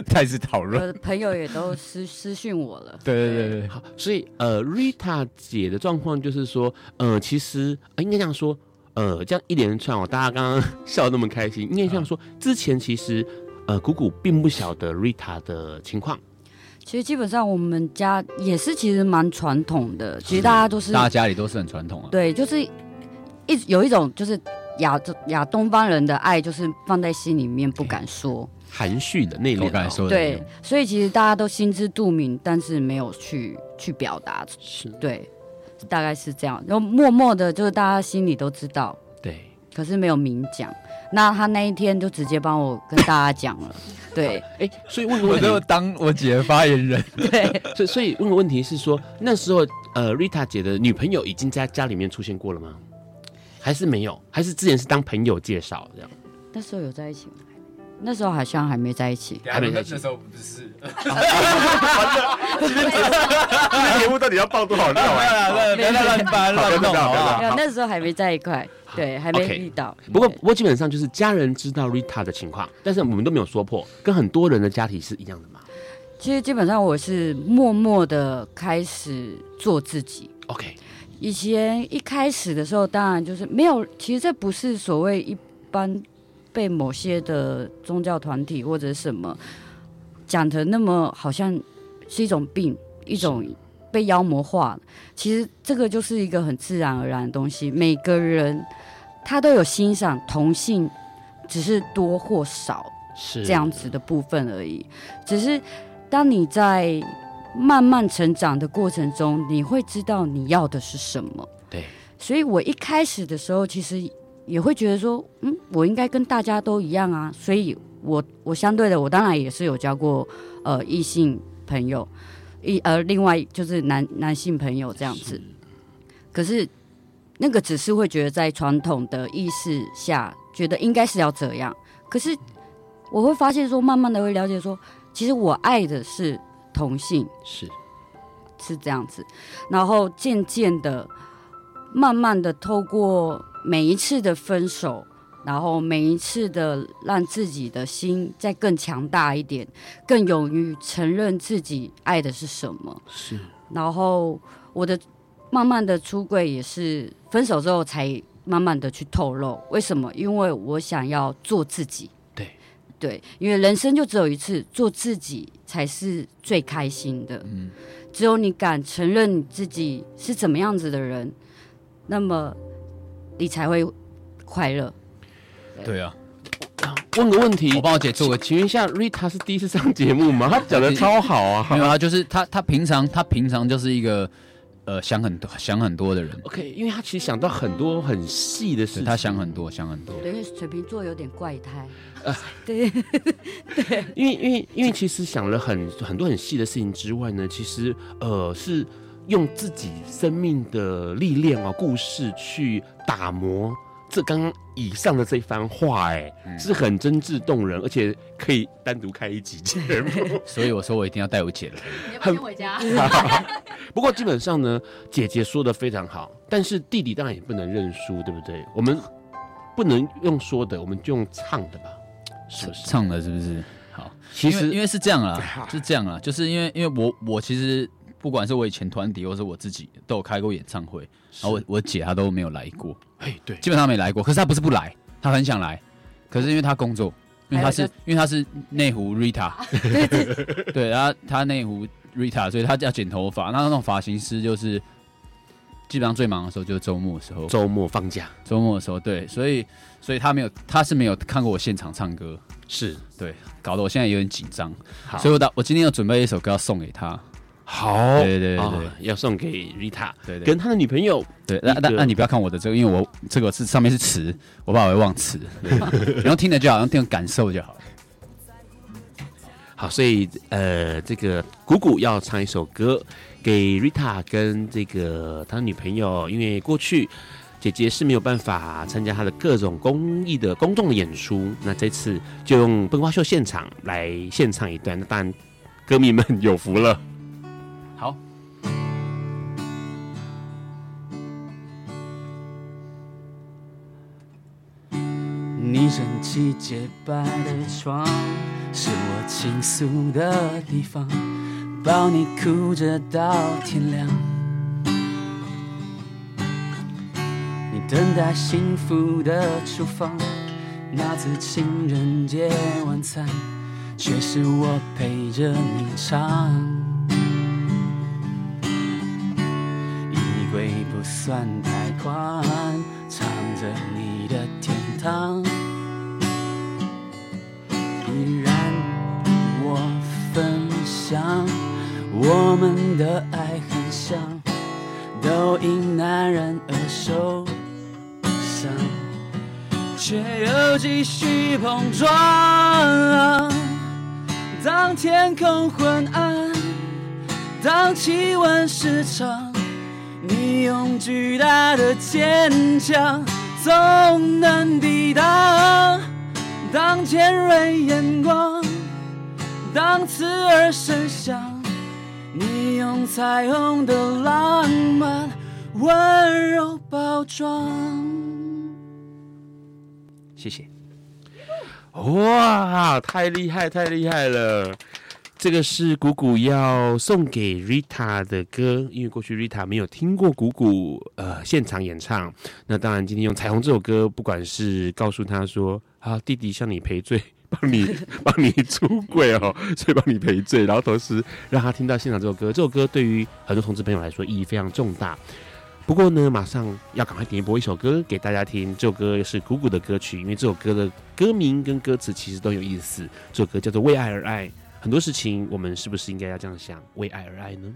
開始討論。朋友也都私私訊我了。對對對，對，對，對好，所以呃，Rita 姐的狀況就是說，呃，其實、呃、應該這樣說。呃，這樣一連串，哦，大家剛剛笑得那麼開心，你也像說之前其實，呃，鼓鼓並不曉得 Rita 的情況。其實基本上我們家也是其實蠻傳統的，其實大家都是，嗯、大家家裡都是很傳統啊。對，就是一有一種就是亞亞東方人的愛，就是放在心裡面不敢說，欸、含蓄的那種，感、哦、受。對，所以其實大家都心知肚明，但是沒有去去表達，對。大概是這樣，然後默默的，就是大家心裡都知道，對，可是沒有明講。那他那一天就直接幫我跟大家講了， 對。哎、 欸，所以為什麼我都要當我姐的發言人？ 對，所以所以問個問題是說，那時候呃，Rita 姐的女朋友已經在家裡面出現過了嗎？還是沒有？還是之前是當朋友介紹這樣？那時候有在一起嗎？那時候好像還沒在一起，還沒在一起。那時候不是。那天節目到底要爆多少料啊？不要再一般了，沒有。那時候還沒在一塊，對，還沒遇到，okay。不過，不過基本上就是家人知道 Rita 的情況，但是我們都沒有說破，跟很多人的家庭是一樣的嘛。其實基本上我是默默的開始做自己。OK，以前一開始的時候，當然就是沒有。其實這不是所謂一般。被某些的宗教團體或者什麼講的那麼好像是一種病，一種被妖魔化。其實這個就是一個很自然而然的東西。每個人他都有欣賞同性，只是多或少是、啊、這樣子的部分而已。只是當你在慢慢成長的過程中，你會知道你要的是什麼。對，所以我一開始的時候其實，也會覺得說，嗯，我應該跟大家都一樣啊，所以我，我我相對的，我當然也是有交過，呃，異性朋友，一而、呃、另外就是男男性朋友這樣子，可是，那個只是會覺得在傳統的意識下，覺得應該是要這樣，可是，我會發現說，慢慢的會了解說，其實我愛的是同性，是是這樣子，然後漸漸的，慢慢的透過。每一次的分手，然後每一次的讓自己的心再更強大一點，更勇於承認自己愛的是什麼。是。然後我的慢慢的出櫃也是分手之後才慢慢的去透露，為什麼？因為我想要做自己。對，對，因為人生就只有一次，做自己才是最開心的。嗯，只有你敢承認你自己是怎麼樣子的人，那麼。你才會快樂。對。對啊，問個問題，啊、我幫我解錯個。請問一下瑞 i 是第一次上節目嗎？ 他講的超好啊， 沒有啊，就是他他平常他平常就是一個呃想很多想很多的人。OK，因為他其實想到很多很細的事，他想很多想很多。對，因為水瓶座有點怪胎。呃、啊，對 對，因為因為因為其實想了很很多很細的事情之外呢，其實呃是。用自己生命的歷練啊，故事去打磨這剛剛以上的這番話，哎、嗯，是很真摯動人，而且可以單獨開一集節目。嗯、 所以我說我一定要帶我姐來，不，很 不過基本上呢，姐姐說的非常好，但是弟弟當然也不能認輸，對不對？我們不能用說的，我們就用唱的吧？是，是唱的，是不是？好，其實因為，因為是這樣啊，是這樣啊，就是因為因為我我其實。不管是我以前團體，或是我自己，都有開過演唱會。然後我我姐她都沒有來過，哎，對，基本上沒來過。可是她不是不來，她很想來，可是因為她工作，因為她是，因為她是內湖 Rita， 對，她她內湖 Rita，所以她要剪頭髮。那那種髮型師就是基本上最忙的時候就是周末的時候，周末放假，周末的時候，對，所以所以她沒有，她是沒有看過我現場唱歌，是對，搞得我現在有點緊張。所以我到，我今天要準備一首歌要送給她。好，對對對，對，喔，要送給 Rita，對，跟他的女朋友，對，那那那你不要看我的這個，因為我這個是上面是詞，我怕我會忘詞，然後 聽着就好像聽感受就好，嗯、好，所以呃，這個鼓鼓要唱一首歌給 Rita 跟這個他的女朋友，因為過去姐姐是沒有辦法參加她的各種公益的公眾的演出，那這次就用《笨瓜秀》現場來獻唱一段，那當然歌迷們有福了。好，你升起潔白的床，是我傾訴的地方，抱你哭着到天亮。你等待幸福的廚房，那次情人節晚餐，卻是我陪着你唱。斷太寬，藏着你的天堂。依然我分享我們的愛很像，都因男人而受傷，卻又繼續碰撞。當天空昏暗，當氣溫失常。你用巨大的堅強，總能抵擋。當尖銳眼光，當刺耳聲響，你用彩虹的浪漫溫柔包裝。謝謝。哇，太厲害，太厲害了！這個是鼓鼓要送給 Rita 的歌，因為過去 Rita 沒有聽過鼓鼓呃現場演唱。那當然，今天用《彩虹》這首歌，不管是告訴他說：“啊，弟弟向你賠罪，幫你幫你出櫃哦，所以幫你賠罪。”然後同時讓他聽到現場這首歌。這首歌對於很多同志朋友來說意義非常重大。不過呢，馬上要趕快點播一,一首歌給大家聽。這首歌是鼓鼓的歌曲，因為這首歌的歌名跟歌詞其實都有意思。這首歌叫做《為愛而愛》。很多事情，我們是不是應該要這樣想：為愛而愛呢？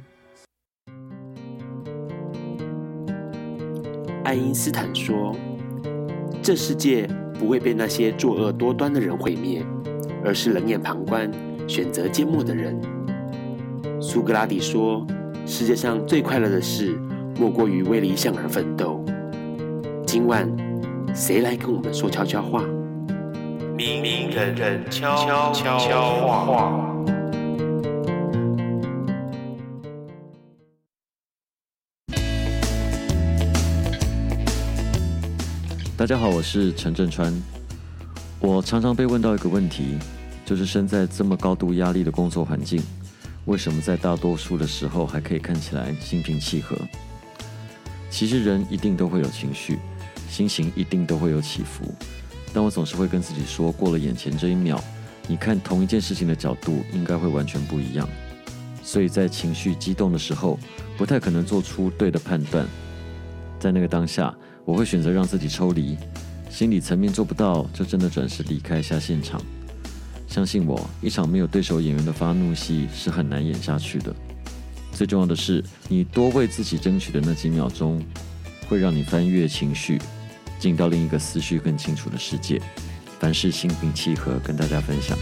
愛因斯坦說：“這世界不會被那些作惡多端的人毀滅，而是冷眼旁觀、選擇緘默的人。”蘇格拉底說：“世界上最快樂的事，莫過於為理想而奮鬥。”今晚，誰來跟我們說悄悄話？明明、人人悄悄話。大家好，我是陳鎮川。我常常被問到一個問題，就是身在這麼高度壓力的工作環境，為什麼在大多數的時候還可以看起來心平氣和？其實人一定都會有情緒，心情一定都會有起伏。但我總是會跟自己說，過了眼前這一秒，你看同一件事情的角度應該會完全不一樣。所以在情緒激動的時候，不太可能做出對的判斷。在那個當下。我會選擇讓自己抽離，心理層面做不到，就真的暫時離開一下現場。相信我，一場沒有對手演員的發怒戲是很難演下去的。最重要的是，你多為自己爭取的那幾秒鐘，會讓你翻越情緒，進到另一個思緒更清楚的世界。凡事心平氣和，跟大家分享。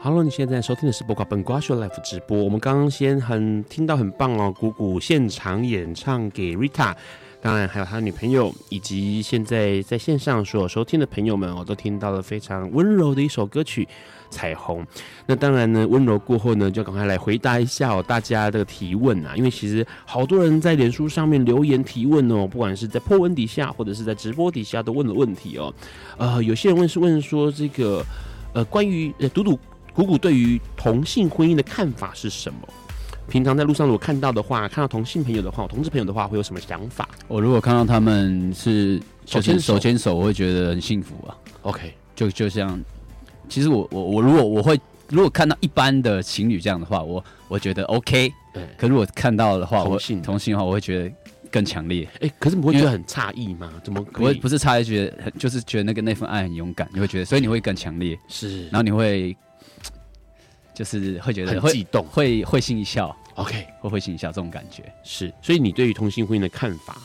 哈囉，你現在收聽的是《播客，笨瓜 show life》直播。我們剛剛先很聽到很棒哦、喔，鼓鼓現場演唱給 Rita，當然還有他女朋友以及現在在線上所有收聽的朋友們、喔，我都聽到了非常溫柔的一首歌曲《彩虹》。那當然呢，溫柔過後呢，就趕快來回答一下哦、喔、大家的提問啊，因為其實好多人在臉書上面留言提問哦、喔，不管是在破文底下或者是在直播底下都問了問題哦、喔。呃，有些人問是問說這個呃，關於呃鼓鼓。欸鼓鼓鼓鼓對於同性婚姻的看法是什麼？平常在路上如果看到的話，看到同性朋友的話，我同志朋友的話會有什麼想法？我如果看到他們是手牽手,手,牽手，我會覺得很幸福啊。OK，就就像，其實我我我如果我會如果看到一般的情侶這樣的話，我我覺得 OK、欸。對，可是如果看到的話，我同性同性的話，我會覺得更強烈。哎、欸，可是你會覺得很詫異嗎？怎麼不會？我不是詫異，覺得很就是覺得那個那份愛很勇敢，你會覺得，所以你會更強烈。是，然後你會。就是會覺得會很激動，會會心一笑。OK，會會心一笑這種感覺是。所以你對於同性婚姻的看法，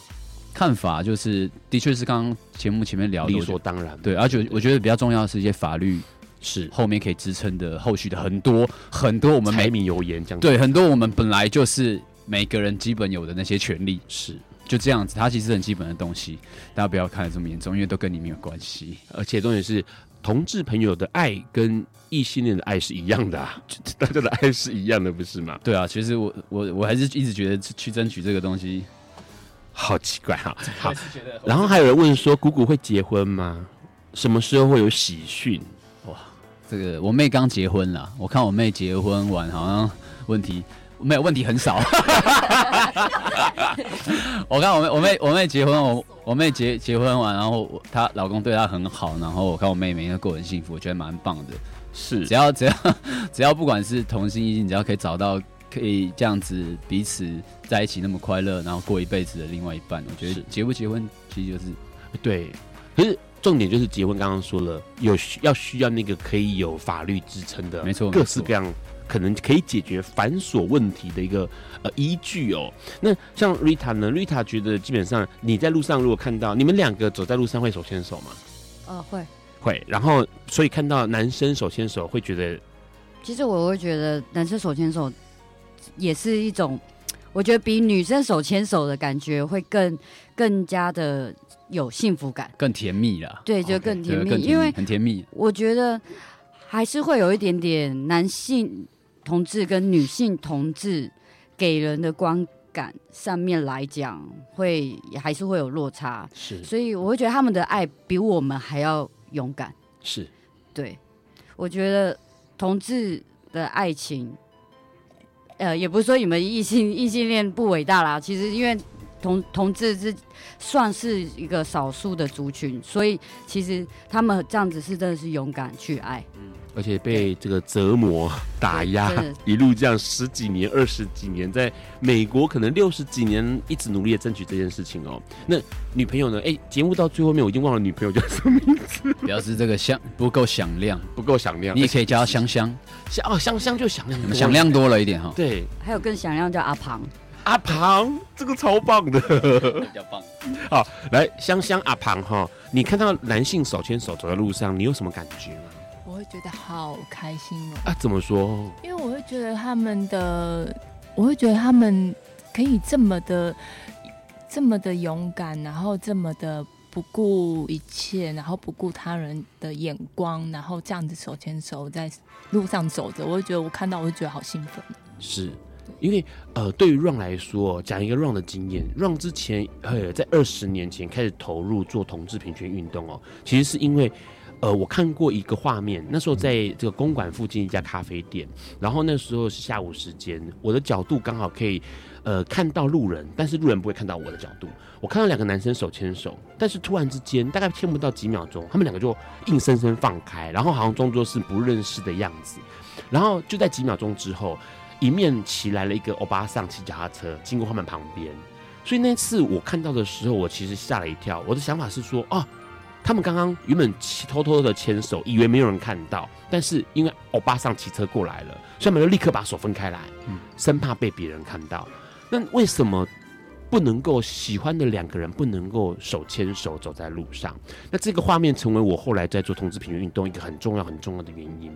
看法就是的確是剛剛節目前面聊的。理所當然，對，對，對，對，對，而且我覺得比較重要的是一些法律是後面可以支撐的，後續的很多很多我們柴米油鹽這樣對很多我們本來就是每個人基本有的那些權利是就這樣子，它其實是很基本的東西，大家不要看得這麼嚴重，因為都跟你沒有關係。而且重點是。同志朋友的愛跟異性戀的愛是一樣的啊，大家的愛是一樣的，不是嗎？對啊，其實我我我還是一直覺得去爭取這個東西，好奇怪啊！然後還有人問說，鼓鼓會結婚嗎？什麼時候會有喜訊？哇，這個我妹剛結婚了，我看我妹結婚完好像問題沒有問題很少， 我看我妹我妹我妹結婚我。我妹結結婚完，然後她老公對她很好，然後我看我妹妹過得很幸福，我覺得蠻棒的。是，只要只要只要，只要不管是同性異性，只要可以找到可以這樣子彼此在一起那麼快樂，然後過一輩子的另外一半，我覺得結不結婚其實就是對。可是重點就是結婚，剛剛說了有需要需要那個可以有法律支撐的沒，沒錯，各式各樣。可能可以解決繁瑣問題的一個呃依據哦。那像 Rita 呢？Rita 覺得基本上你在路上如果看到你們兩個走在路上會手牽手嗎？呃，會，會。然後所以看到男生手牽手會覺得，其實我會覺得男生手牽手也是一種，我覺得比女生手牽手的感覺會更更加的有幸福感，更甜蜜了。對，就是更甜蜜，Okay. 就更甜蜜，因為很甜蜜。我覺得還是會有一點點男性。同志跟女性同志給人的觀感上面來講會，會還是會有落差，是，所以我會覺得他們的愛比我們還要勇敢，是，對。我覺得同志的愛情，呃，也不是說你們異性異性戀不偉大啦，其實因為同同志是算是一個少數的族群，所以其實他們這樣子是真的是勇敢去愛。而且被這個折磨、打壓，一路這樣十幾年、二十幾年，在美國可能六十幾年一直努力的爭取這件事情哦、喔。那女朋友呢？哎，節目到最後面，我已經忘了女朋友叫什麼名字，表示這個香不夠響亮，不夠響亮。你也可以叫她香香，香哦，香香就響亮，響、嗯、亮多了一點哈。對，還有更響亮叫阿龐、啊，阿龐這個超棒的， 比較棒。好，來香香阿龐哈、哦，你看到男性手牽手走在路上，你有什麼感覺嗎？我會覺得好開心哦、喔！啊，怎麼說？因為我會覺得他們的，我會覺得他們可以這麼的，這麼的勇敢，然後這麼的不顧一切，然後不顧他人的眼光，然後這樣子手牽手在路上走着，我會覺得我看到我會覺得好興奮。是因為呃，對於 Ron 來說，講一個 Ron 的經驗，Ron 之前呃在二十年前開始投入做同志平權運動哦，其實是因為。呃，我看過一個畫面，那時候在這個公館附近一家咖啡店，然後那時候是下午時間，我的角度剛好可以，呃，看到路人，但是路人不會看到我的角度。我看到兩個男生手牽手，但是突然之間，大概牽不到幾秒鐘，他們兩個就硬生生放開，然後好像裝作是不認識的樣子。然後就在幾秒鐘之後，迎面騎來了一個歐巴桑騎腳踏車經過他們旁邊，所以那次我看到的時候，我其實嚇了一跳。我的想法是說，哦、啊……他們剛剛原本偷偷的牽手，以為沒有人看到，但是因為歐巴桑上騎車過來了，所以我們就立刻把手分開來，嗯、生怕被別人看到。那為什麼不能夠喜歡的兩個人不能夠手牽手走在路上？那這個畫面成為我後來在做同志平權運動一個很重要很重要的原因。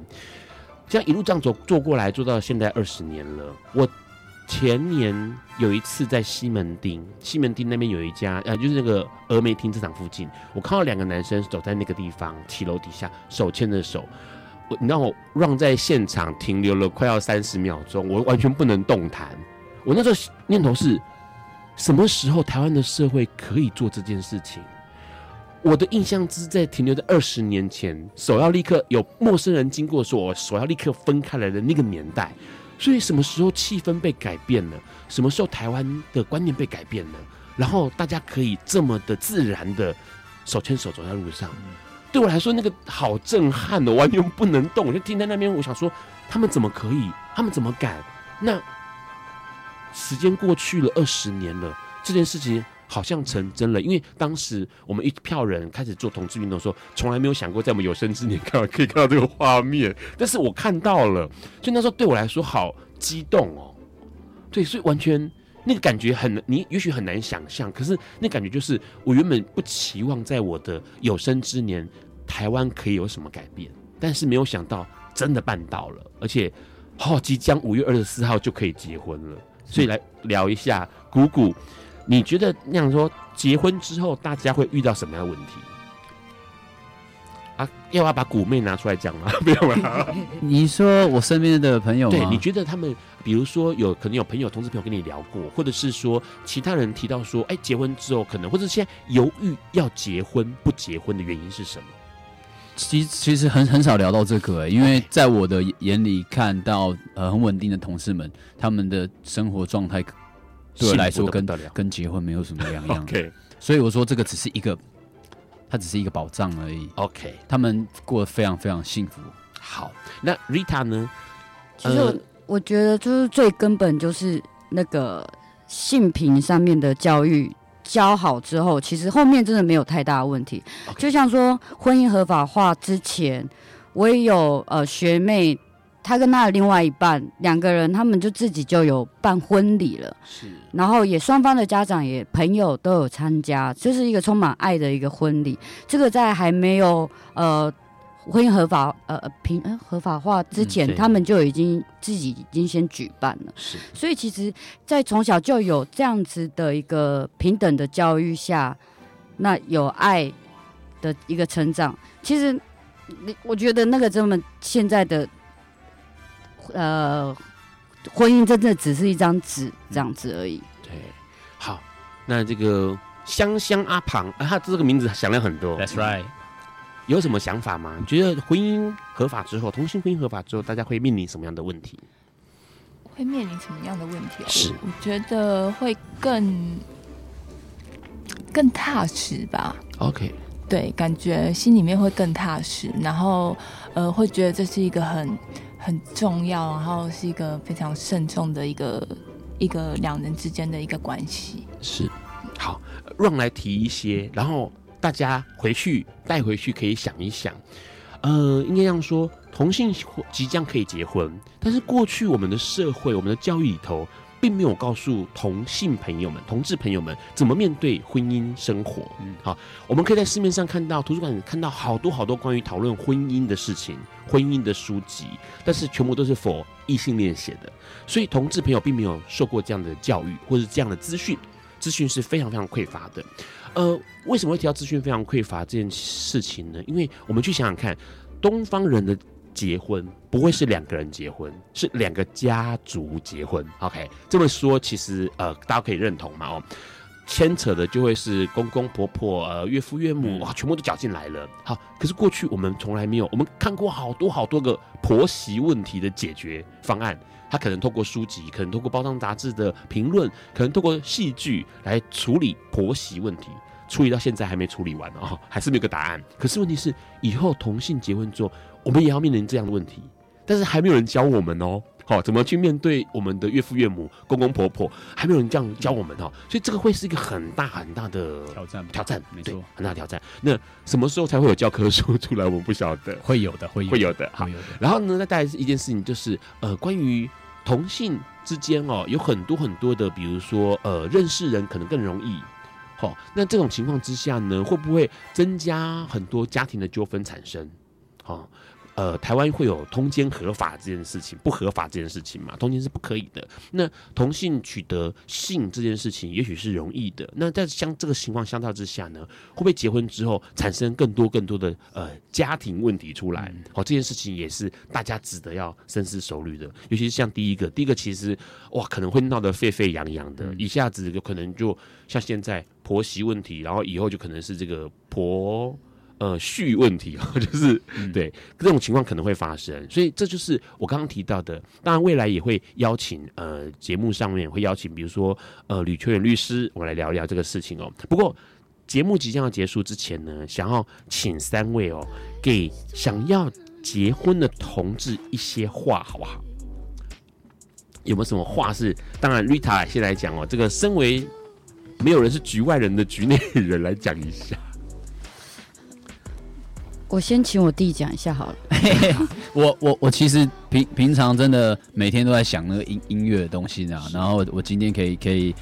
這樣一路這樣走做過來，做到現在二十年了，我。前年有一次在西門町，西門町那邊有一家呃，就是那個峨眉停車場附近，我看到兩個男生走在那個地方，騎樓底下手牽着手，我然後愣在現場停留了快要三十秒鐘，我完全不能動彈。我那時候念頭是，什麼時候台灣的社會可以做這件事情？我的印象只在停留在二十年前，手要立刻有陌生人經過，說我手要立刻分開來的那個年代。所以什麼時候氣氛被改變了？什麼時候台灣的觀念被改變了？然後大家可以這麼的自然的，手牽手走在路上，對我來說那個好震撼的，完全不能動。我就停在那邊，我想說他們怎麼可以？他們怎麼敢？那時間過去了二十年了，這件事情。好像成真了，因為當時我們一票人開始做同志運動的時候，從來沒有想過在我們有生之年看到可以看到這個畫面，但是我看到了，所以那時候對我來說好激動哦，對，所以完全那個感覺很，你也許很難想象，可是那個感覺就是我原本不期望在我的有生之年台灣可以有什麼改變，但是沒有想到真的辦到了，而且好、哦，即將五月二十四號就可以結婚了，所以來聊一下鼓鼓。你覺得那樣說，結婚之後大家會遇到什麼樣的問題？啊，要不要把古妹拿出來講嗎？不要吧。你說我身邊的朋友，對，你覺得他們，比如說有可能有朋友同事朋友跟你聊過，或者是說其他人提到說，哎、欸，結婚之後可能或者是現在猶豫要結婚不結婚的原因是什麼？其實其實很很少聊到這個、欸，因為在我的眼裡看到呃很穩定的同事們，他們的生活狀態。對得得來說，跟，跟跟結婚沒有什麼兩樣，樣的。 okay. 所以我說，這個只是一個，它只是一個保障而已。OK，他們過得非常非常幸福。Okay. 好，那 Rita 呢？其實我覺得，就是最根本就是那個性平上面的教育教好之後，其實後面真的沒有太大的問題。Okay. 就像說，婚姻合法化之前，我也有呃學妹。他跟他的另外一半兩個人，他們就自己就有辦婚禮了，是，然後也雙方的家長也朋友都有參加，就是一個充滿愛的一個婚禮。這個在還沒有呃婚姻合法呃平呃合法化之前，嗯，他們就已經自己已經先舉辦了，是。所以其實，在從小就有這樣子的一個平等的教育下，那有愛的一個成長，其實你我覺得那個這麼現在的。呃，婚姻真的只是一張紙這樣子而已。對，好，那這個香香阿龐，啊，他這個名字想了很多。That's right，有什麼想法嗎？你覺得婚姻合法之後，同性婚姻合法之後，大家會面臨什麼樣的問題？會面臨什麼樣的問題？是，我覺得會更更踏實吧。OK，對，感覺心裡面會更踏實，然後呃，會覺得這是一個很。很重要，然後是一個非常慎重的一個一個兩人之間的一個關係。是，好，Ron 來提一些，然後大家回去帶回去可以想一想。呃，應該這樣說，同性即將可以結婚，但是過去我們的社會、我們的教育裡頭，並沒有告訴同性朋友們、同志朋友們怎麼面對婚姻生活。嗯，好，我們可以在市面上看到、圖書館裡看到好多好多關於討論婚姻的事情、婚姻的書籍，但是全部都是 for 異性戀寫的，所以同志朋友並沒有受過這樣的教育，或是這樣的資訊，資訊是非常非常匱乏的。呃，為什麼會提到資訊非常匱乏這件事情呢？因為我們去想想看，東方人的。結婚不會是兩個人結婚，是兩個家族結婚。OK，這麼說其實呃，大家可以認同嘛？哦，牽扯的就會是公公婆婆、呃、岳父岳母，嗯哦、全部都攪進來了。好，可是過去我們從來沒有，我們看過好多好多個婆媳問題的解決方案。他可能透過書籍，可能透過包裝雜誌的評論，可能透過戲劇來處理婆媳問題。處理到現在還沒處理完哦，還是沒有個答案。可是問題是，以後同性結婚之後。我們也要面臨這樣的問題，但是還沒有人教我們哦。好、哦，怎麼去面對我們的岳父岳母、公公婆婆，還沒有人這樣教我們哦。所以這個會是一個很大很大的挑戰，挑戰，對，沒錯，很大挑戰。那什麼時候才會有教科書出來？我不曉得，會有的，會有的，會有的。會有的，然後呢，再帶來是一件事情，就是呃，關於同性之間哦，有很多很多的，比如說呃，認識人可能更容易。好、哦，那這種情況之下呢，會不會增加很多家庭的糾紛產生？哦？呃，台灣會有通奸合法這件事情，不合法這件事情嘛？通奸是不可以的。那同性取得性這件事情，也許是容易的。那在像這個情況相較之下呢，會不會結婚之後產生更多更多的呃家庭問題出來？好、嗯哦，這件事情也是大家值得要深思熟慮的。尤其是像第一個，第一個其實哇，可能會鬧得沸沸揚揚的，一、嗯、下子有可能就像現在婆媳問題，然後以後就可能是這個婆。呃，續問題哦、喔，就是、嗯、對這種情況可能會發生，所以這就是我剛剛提到的。當然，未來也會邀請呃，節目上面也會邀請，比如說呃，呂秋遠律師，我們來聊一聊這個事情哦、喔。不過節目即將要結束之前呢，想要請三位哦、喔，給想要結婚的同志一些話，好不好？有沒有什麼話是？當然，Rita 先來講哦、喔。這個身為沒有人是局外人的局內人來講一下。我先請我弟講一下好了 我。我我我其實平平常真的每天都在想那個音音樂的東西呢、啊。然後我，我今天可以可以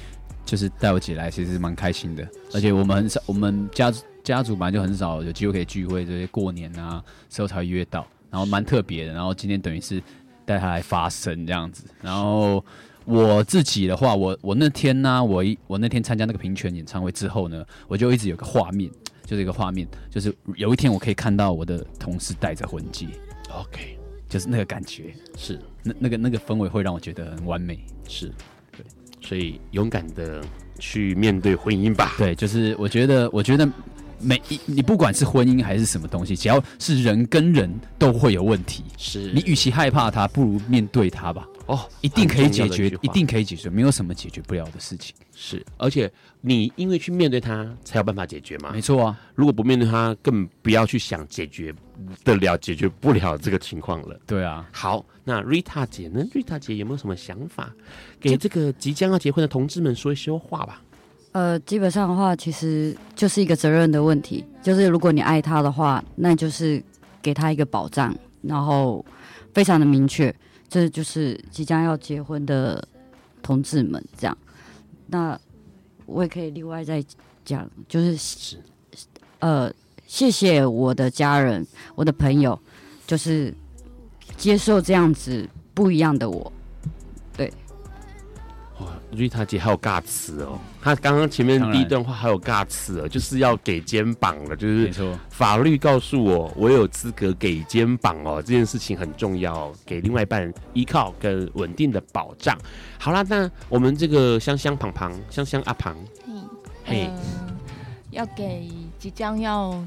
就是帶我姐來，其實蠻開心的。而且我們很少，我們家家族本來就很少有機會可以聚會，這、就、些、是、過年啊，時候才會約到，然後蠻特別的。然後今天等於是帶他來發聲這樣子。然後我自己的話，我我那天呢、啊，我一我那天參加那個平權演唱會之後呢，我就一直有個畫面。就是一個畫面，就是有一天我可以看到我的同事戴着婚戒，OK，就是那個感覺，是那那個那個氛圍會讓我覺得很完美，是對，所以勇敢的去面對婚姻吧。對，就是我覺得我覺得每一你不管是婚姻還是什麼東西，只要是人跟人都會有問題，是你與其害怕他，不如面對他吧。哦，一定可以解決，一定可以解決，沒有什麼解決不了的事情。是，而且你因為去面對他，才有辦法解決嘛。沒錯啊，如果不面對他，更不要去想解決得了，解決不了這個情況了。對啊。好，那 Rita 姐呢？Rita 姐有沒有什麼想法，給這個即將要結婚的同志們說一些話吧？呃，基本上的話，其實就是一個責任的問題，就是如果你愛他的話，那就是給他一個保障，然後非常的明確。這就是即將要結婚的同志們，這樣。那我也可以另外再講，就是，呃，謝謝我的家人，我的朋友，就是接受這樣子不一樣的我。他姐還有尬詞哦，他剛剛前面第一段話還有尬詞哦，就是要給肩膀了，就是法律告訴我我有資格給肩膀哦，這件事情很重要，給另外一半依靠跟穩定的保障。好啦，那我們這個香香旁旁香香阿龐、呃，要給即將要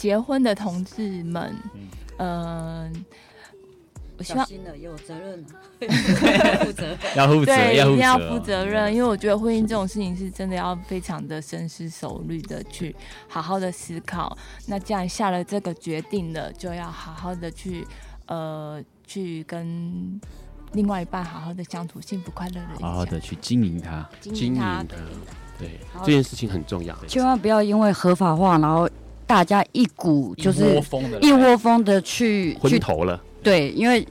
結婚的同志們，嗯、呃。希望小心的，有責任，負 對 要負責，對，負一定要負責任負責哦。因為我覺得婚姻這種事情是真的要非常的深思熟慮的去好好的思考。那既然下了這個決定了，就要好好的去呃去跟另外一半好好的相處，幸福快樂的，好好的去經營它，經營它。對，這件事情很重要，千萬不要因為合法化，然後大家一股就是一窩蜂的，的去去頭了。對，因為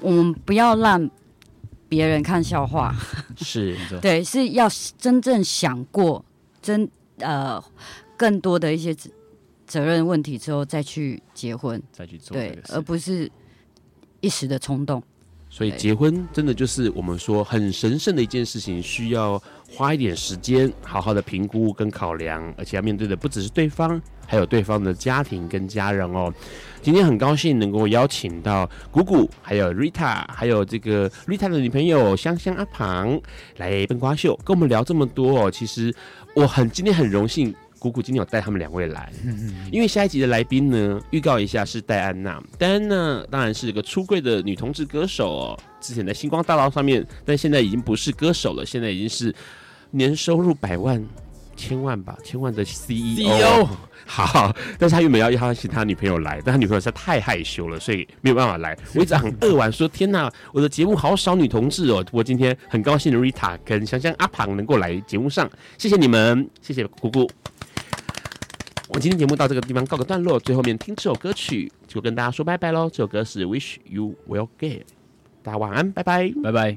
我們不要讓別人看笑話。是。對，是要真正想過，真呃更多的一些責任問題之後再去結婚，再去做對，而不是一時的衝動。所以，結婚真的就是我們說很神聖的一件事情，需要花一點時間好好的評估跟考量，而且要面對的不只是對方，還有對方的家庭跟家人哦。今天很高興能夠邀請到鼓鼓，還有 Rita，還有這個 Rita 的女朋友香香阿龐來《笨瓜秀》跟我們聊這麼多哦、喔。其實我很今天很榮幸，鼓鼓今天有帶他們兩位來。嗯嗯。因為下一集的來賓呢，預告一下是戴安娜。戴安娜當然是一個出櫃的女同志歌手哦、喔，之前在星光大道上面，但現在已經不是歌手了，現在已經是年收入百萬。千萬吧，千萬的 CEO，CEO 好，好，但是他又沒有要邀請他，他女朋友來，但他女朋友實在太害羞了，所以沒有辦法來。我一直很扼腕說：“天哪，我的節目好少女同志哦！”我今天很高興，Rita 跟香香阿龐能夠來節目上，謝謝你們，謝謝姑姑。我們今天節目到這個地方告個段落，最後面聽這首歌曲就跟大家說拜拜嘍。這首歌是《Wish You Will Get》，大家晚安，拜拜，拜拜。